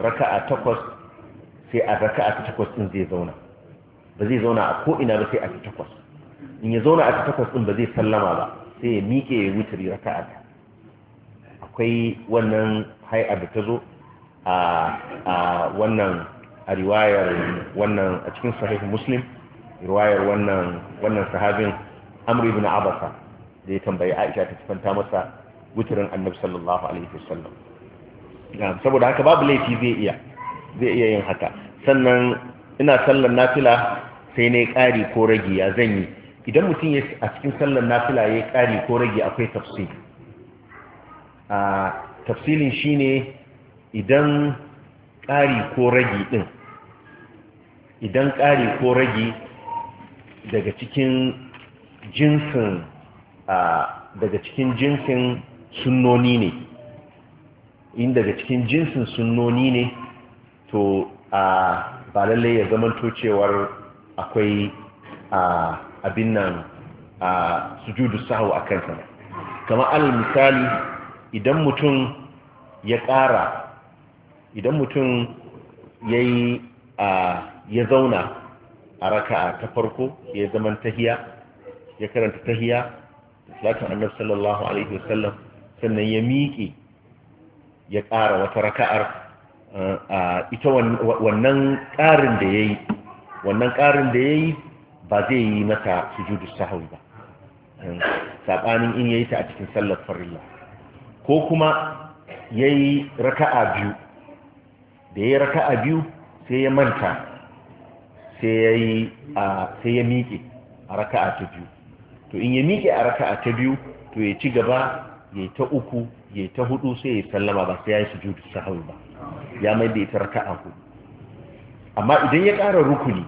raka'a takwas sai a raka'a ta takwas ɗin zai zauna ba zai zauna a ko'ina ba sai a ta takwas in ya zauna a ta takwas ɗin ba zai sallama ba sai ya miƙe ya raka raka'a ta akwai wannan hai'a da ta zo a wannan a riwayar wannan a cikin sahih muslim riwayar wannan wannan sahabin amr ibn abasa da ya tambayi aisha ta tafanta masa wutirin annabi sallallahu alaihi wasallam saboda haka babu laifi zai iya zai iya yin haka sannan ina sallar nafila sai ne ƙari ko ragi ya zan yi idan mutum ya a cikin sallar nafila ya ƙari ko ragi akwai tafsir a tafsilin shine idan ƙari ko ragi ɗin idan ƙari ko ragi daga cikin jinsin daga cikin jinsin sunnoni ne in daga cikin jinsin sunnoni ne to a ba lallai ya zama cewar akwai abin nan a sujudu sahu a kansa kamar alal misali idan mutum ya ƙara idan mutum ya yi ya zauna a raka ta farko ya zama tahiya ya karanta tahiya da salatu annabi sallallahu alaihi wasallam sannan ya miƙe ya ƙara wata raka'ar ita wannan ƙarin da ya yi wannan ƙarin da ya ba zai yi mata sujudu sahawi ba saɓanin in ya yi ta a cikin sallar farilla ko kuma ya yi raka'a biyu da ya yi raka'a biyu sai ya manta sai ya miƙe a raka'a ta biyu to in ya miƙe a raka'a ta biyu to ya ci gaba ya ta uku ya ta hudu sai ya sallama ba sai ya yi sujudu sahwi ba ya mai da ita raka'a hudu amma idan ya ƙara rukuni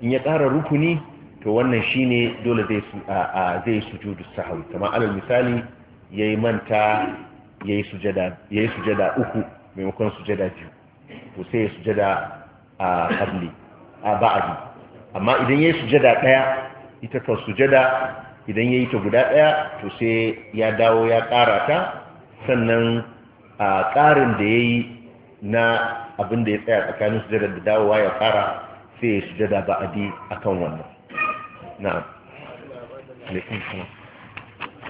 in ya ƙara rukuni to wannan shine dole zai zai sujudu sahwi kamar alal misali yayi manta ya sujada sujada uku maimakon sujada biyu to sai ya sujada a qabli a ba'adi amma idan ya yi sujada ɗaya ita ta sujada idan ya yi ta guda ɗaya to sai ya dawo ya ƙara ta sannan a ƙarin da ya yi na abin da ya tsaya tsakanin sujada da dawowa ya ƙara sai ya sujada ba'adi kan wannan na'am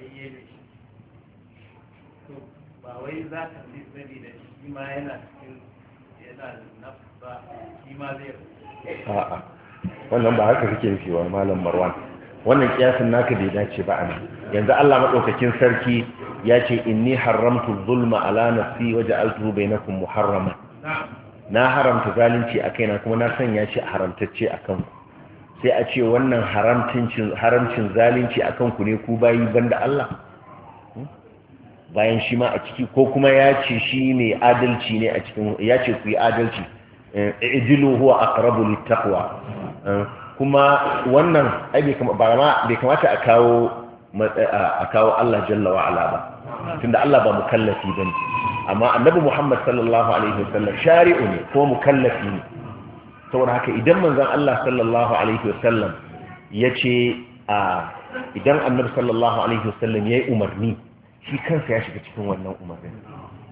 rayayye ba wai ka fi da shi ma yana ba wannan ba haka kake nufi wa malam marwan wannan kiyasin naka bai dace ba a nan yanzu Allah madaukakin sarki ya ce inni haramtu zulma ala nafsi wa ja'altuhu bainakum muharrama na haramta zalunci a kaina kuma na sanya shi haramtacce a kanku sai a ce wannan haramcin zalunci a kanku ne ku bayi banda Allah bayan shi ma a ciki ko kuma ya ce shi ne adalci ne a cikin ya ce ku yi adalci eh, ijilu huwa aqrabu littaqwa kuma wannan ai bai kamata a kawo a kawo Allah jalla wa ala ba tunda Allah ba mukallafi bane amma annabi Muhammad sallallahu alaihi wasallam shari'u ne ko mukallafi ne saboda haka idan manzon Allah sallallahu alaihi wasallam ya ce a idan annabi sallallahu alaihi wasallam ya yi umarni shi kansa ya shiga cikin wannan umarnin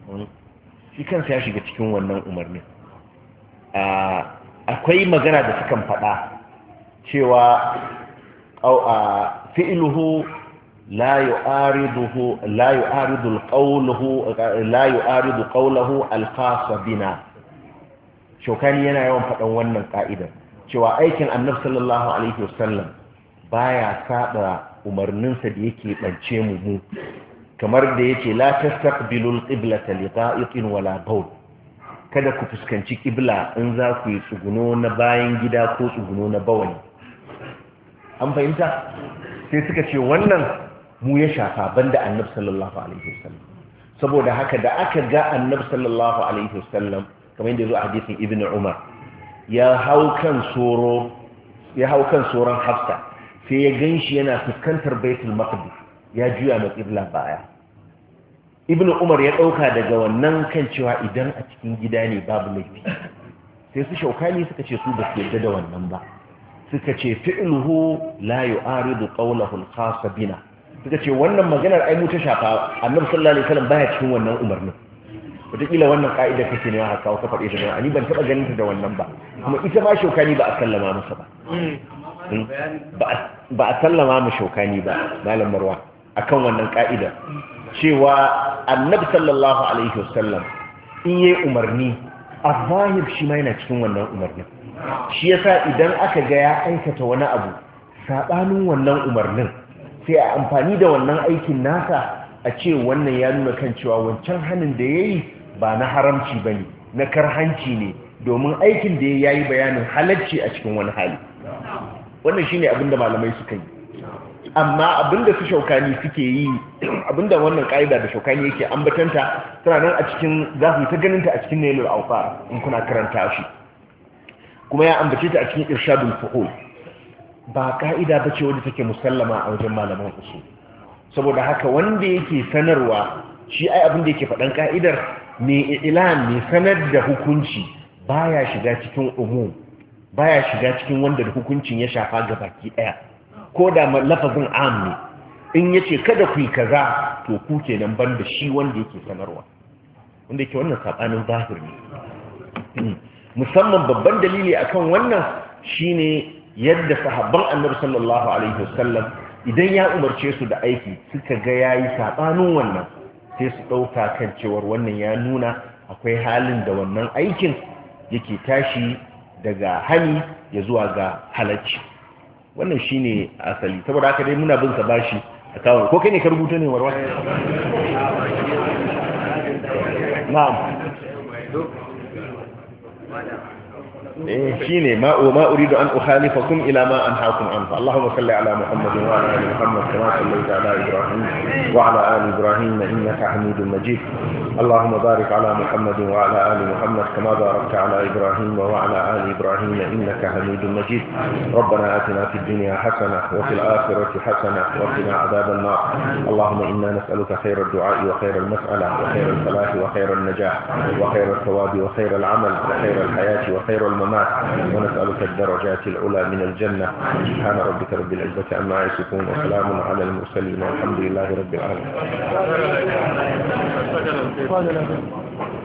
hmm? shi kansa ya shiga cikin wannan umarnin akwai magana da sukan fada cewa fi'iluhu la yu'aridu la yu'aridu qawluhu la yu'aridu qawluhu al-khassa bina shokani yana yawan faɗan wannan ƙa'idar cewa aikin annabi sallallahu alaihi wasallam baya saba umarninsa da yake bance mu mu kamar da yake la tastaqbilul qiblata liqa'itin wala bawl kada ku fuskanci kibla in za ku yi tsuguno na bayan gida ko tsuguno na bawani an fahimta sai suka ce wannan mu ya shafa banda annabi sallallahu alaihi wasallam saboda haka da aka ga annabi sallallahu alaihi wasallam kamar yadda zo a hadisin ibn umar ya hau kan soro hafsa sai ya ganshi yana fuskantar baitul maqdis ya juya mai qibla baya ibn umar ya ɗauka daga wannan kan cewa idan a cikin gida ne babu laifi sai su shaukani suka ce su ba su yarda da wannan ba suka ce fi'luhu la yu'aridu qawlahu al-khas bina suka ce wannan maganar ai mu ta shafa annabi sallallahu alaihi wasallam baya cikin wannan umarnin wataƙila wannan ka'idar kake ne haka wata faɗe ta jama'a ni ban taɓa ganin ta da wannan ba kuma ita ma shokani ba a sallama masa ba hmm? ba a sallama mu shokani ba malam marwa akan wannan ka'idar cewa annabi sallallahu alaihi wasallam in yayi umarni a zahir shi ma yana cikin wannan umarnin shi yasa idan aka ga ya aikata wani abu saɓanin wannan umarnin sai a amfani da wannan aikin nasa a ce wannan ya nuna kan cewa wancan hannun da ya yi ba na haramci ba ne na karhanci ne domin aikin da ya yi bayanin halarci a cikin wani hali wannan shi ne abinda malamai suka yi amma abinda su shaukani suke yi abinda wannan ka'ida da shaukani yake ambatanta tana nan a cikin za su ta ganinta a cikin nailul alfa in kuna karanta shi kuma ya ambace ta a cikin irshadul fuhul ba ka'ida ba ce wadda take musallama a wajen malaman usul saboda haka wanda yake sanarwa shi ai abinda yake faɗan ka'idar mai ilan mai sanar da hukunci baya shiga cikin umum baya shiga cikin wanda da hukuncin ya shafa ga baki daya ko da lafazin am ne in yace kada ku kaza to ku kenan ban da shi wanda yake sanarwa wanda yake wannan sabanin zahir ne musamman babban dalili akan wannan shine yadda sahabban annabi sallallahu alaihi wasallam idan ya umarce su da aiki suka ga yayi saɓanin wannan sai su ɗauka kan cewar wannan ya nuna akwai halin da wannan aikin yake tashi daga hani ya zuwa ga halacci wannan shi ne asali saboda haka dai muna bin sa bashi a kawo ko kai ne ka rubuta ne warwa فيني إيه، ما وما اريد ان اخالفكم الى ما انهاكم عنه اللهم صل على محمد وعلى ال محمد كما صليت على ابراهيم وعلى ال ابراهيم انك حميد مجيد اللهم بارك على محمد وعلى ال محمد كما باركت على ابراهيم وعلى ال ابراهيم انك حميد مجيد ربنا اتنا في الدنيا حسنه وفي الاخره حسنه وقنا عذاب النار اللهم انا نسالك خير الدعاء وخير المساله وخير الصلاه وخير النجاح وخير الثواب وخير العمل وخير الحياه وخير الممات والحسنات ونسألك الدرجات العلى من الجنة سبحان ربك رب العزة عما يصفون وسلام على المرسلين والحمد لله رب العالمين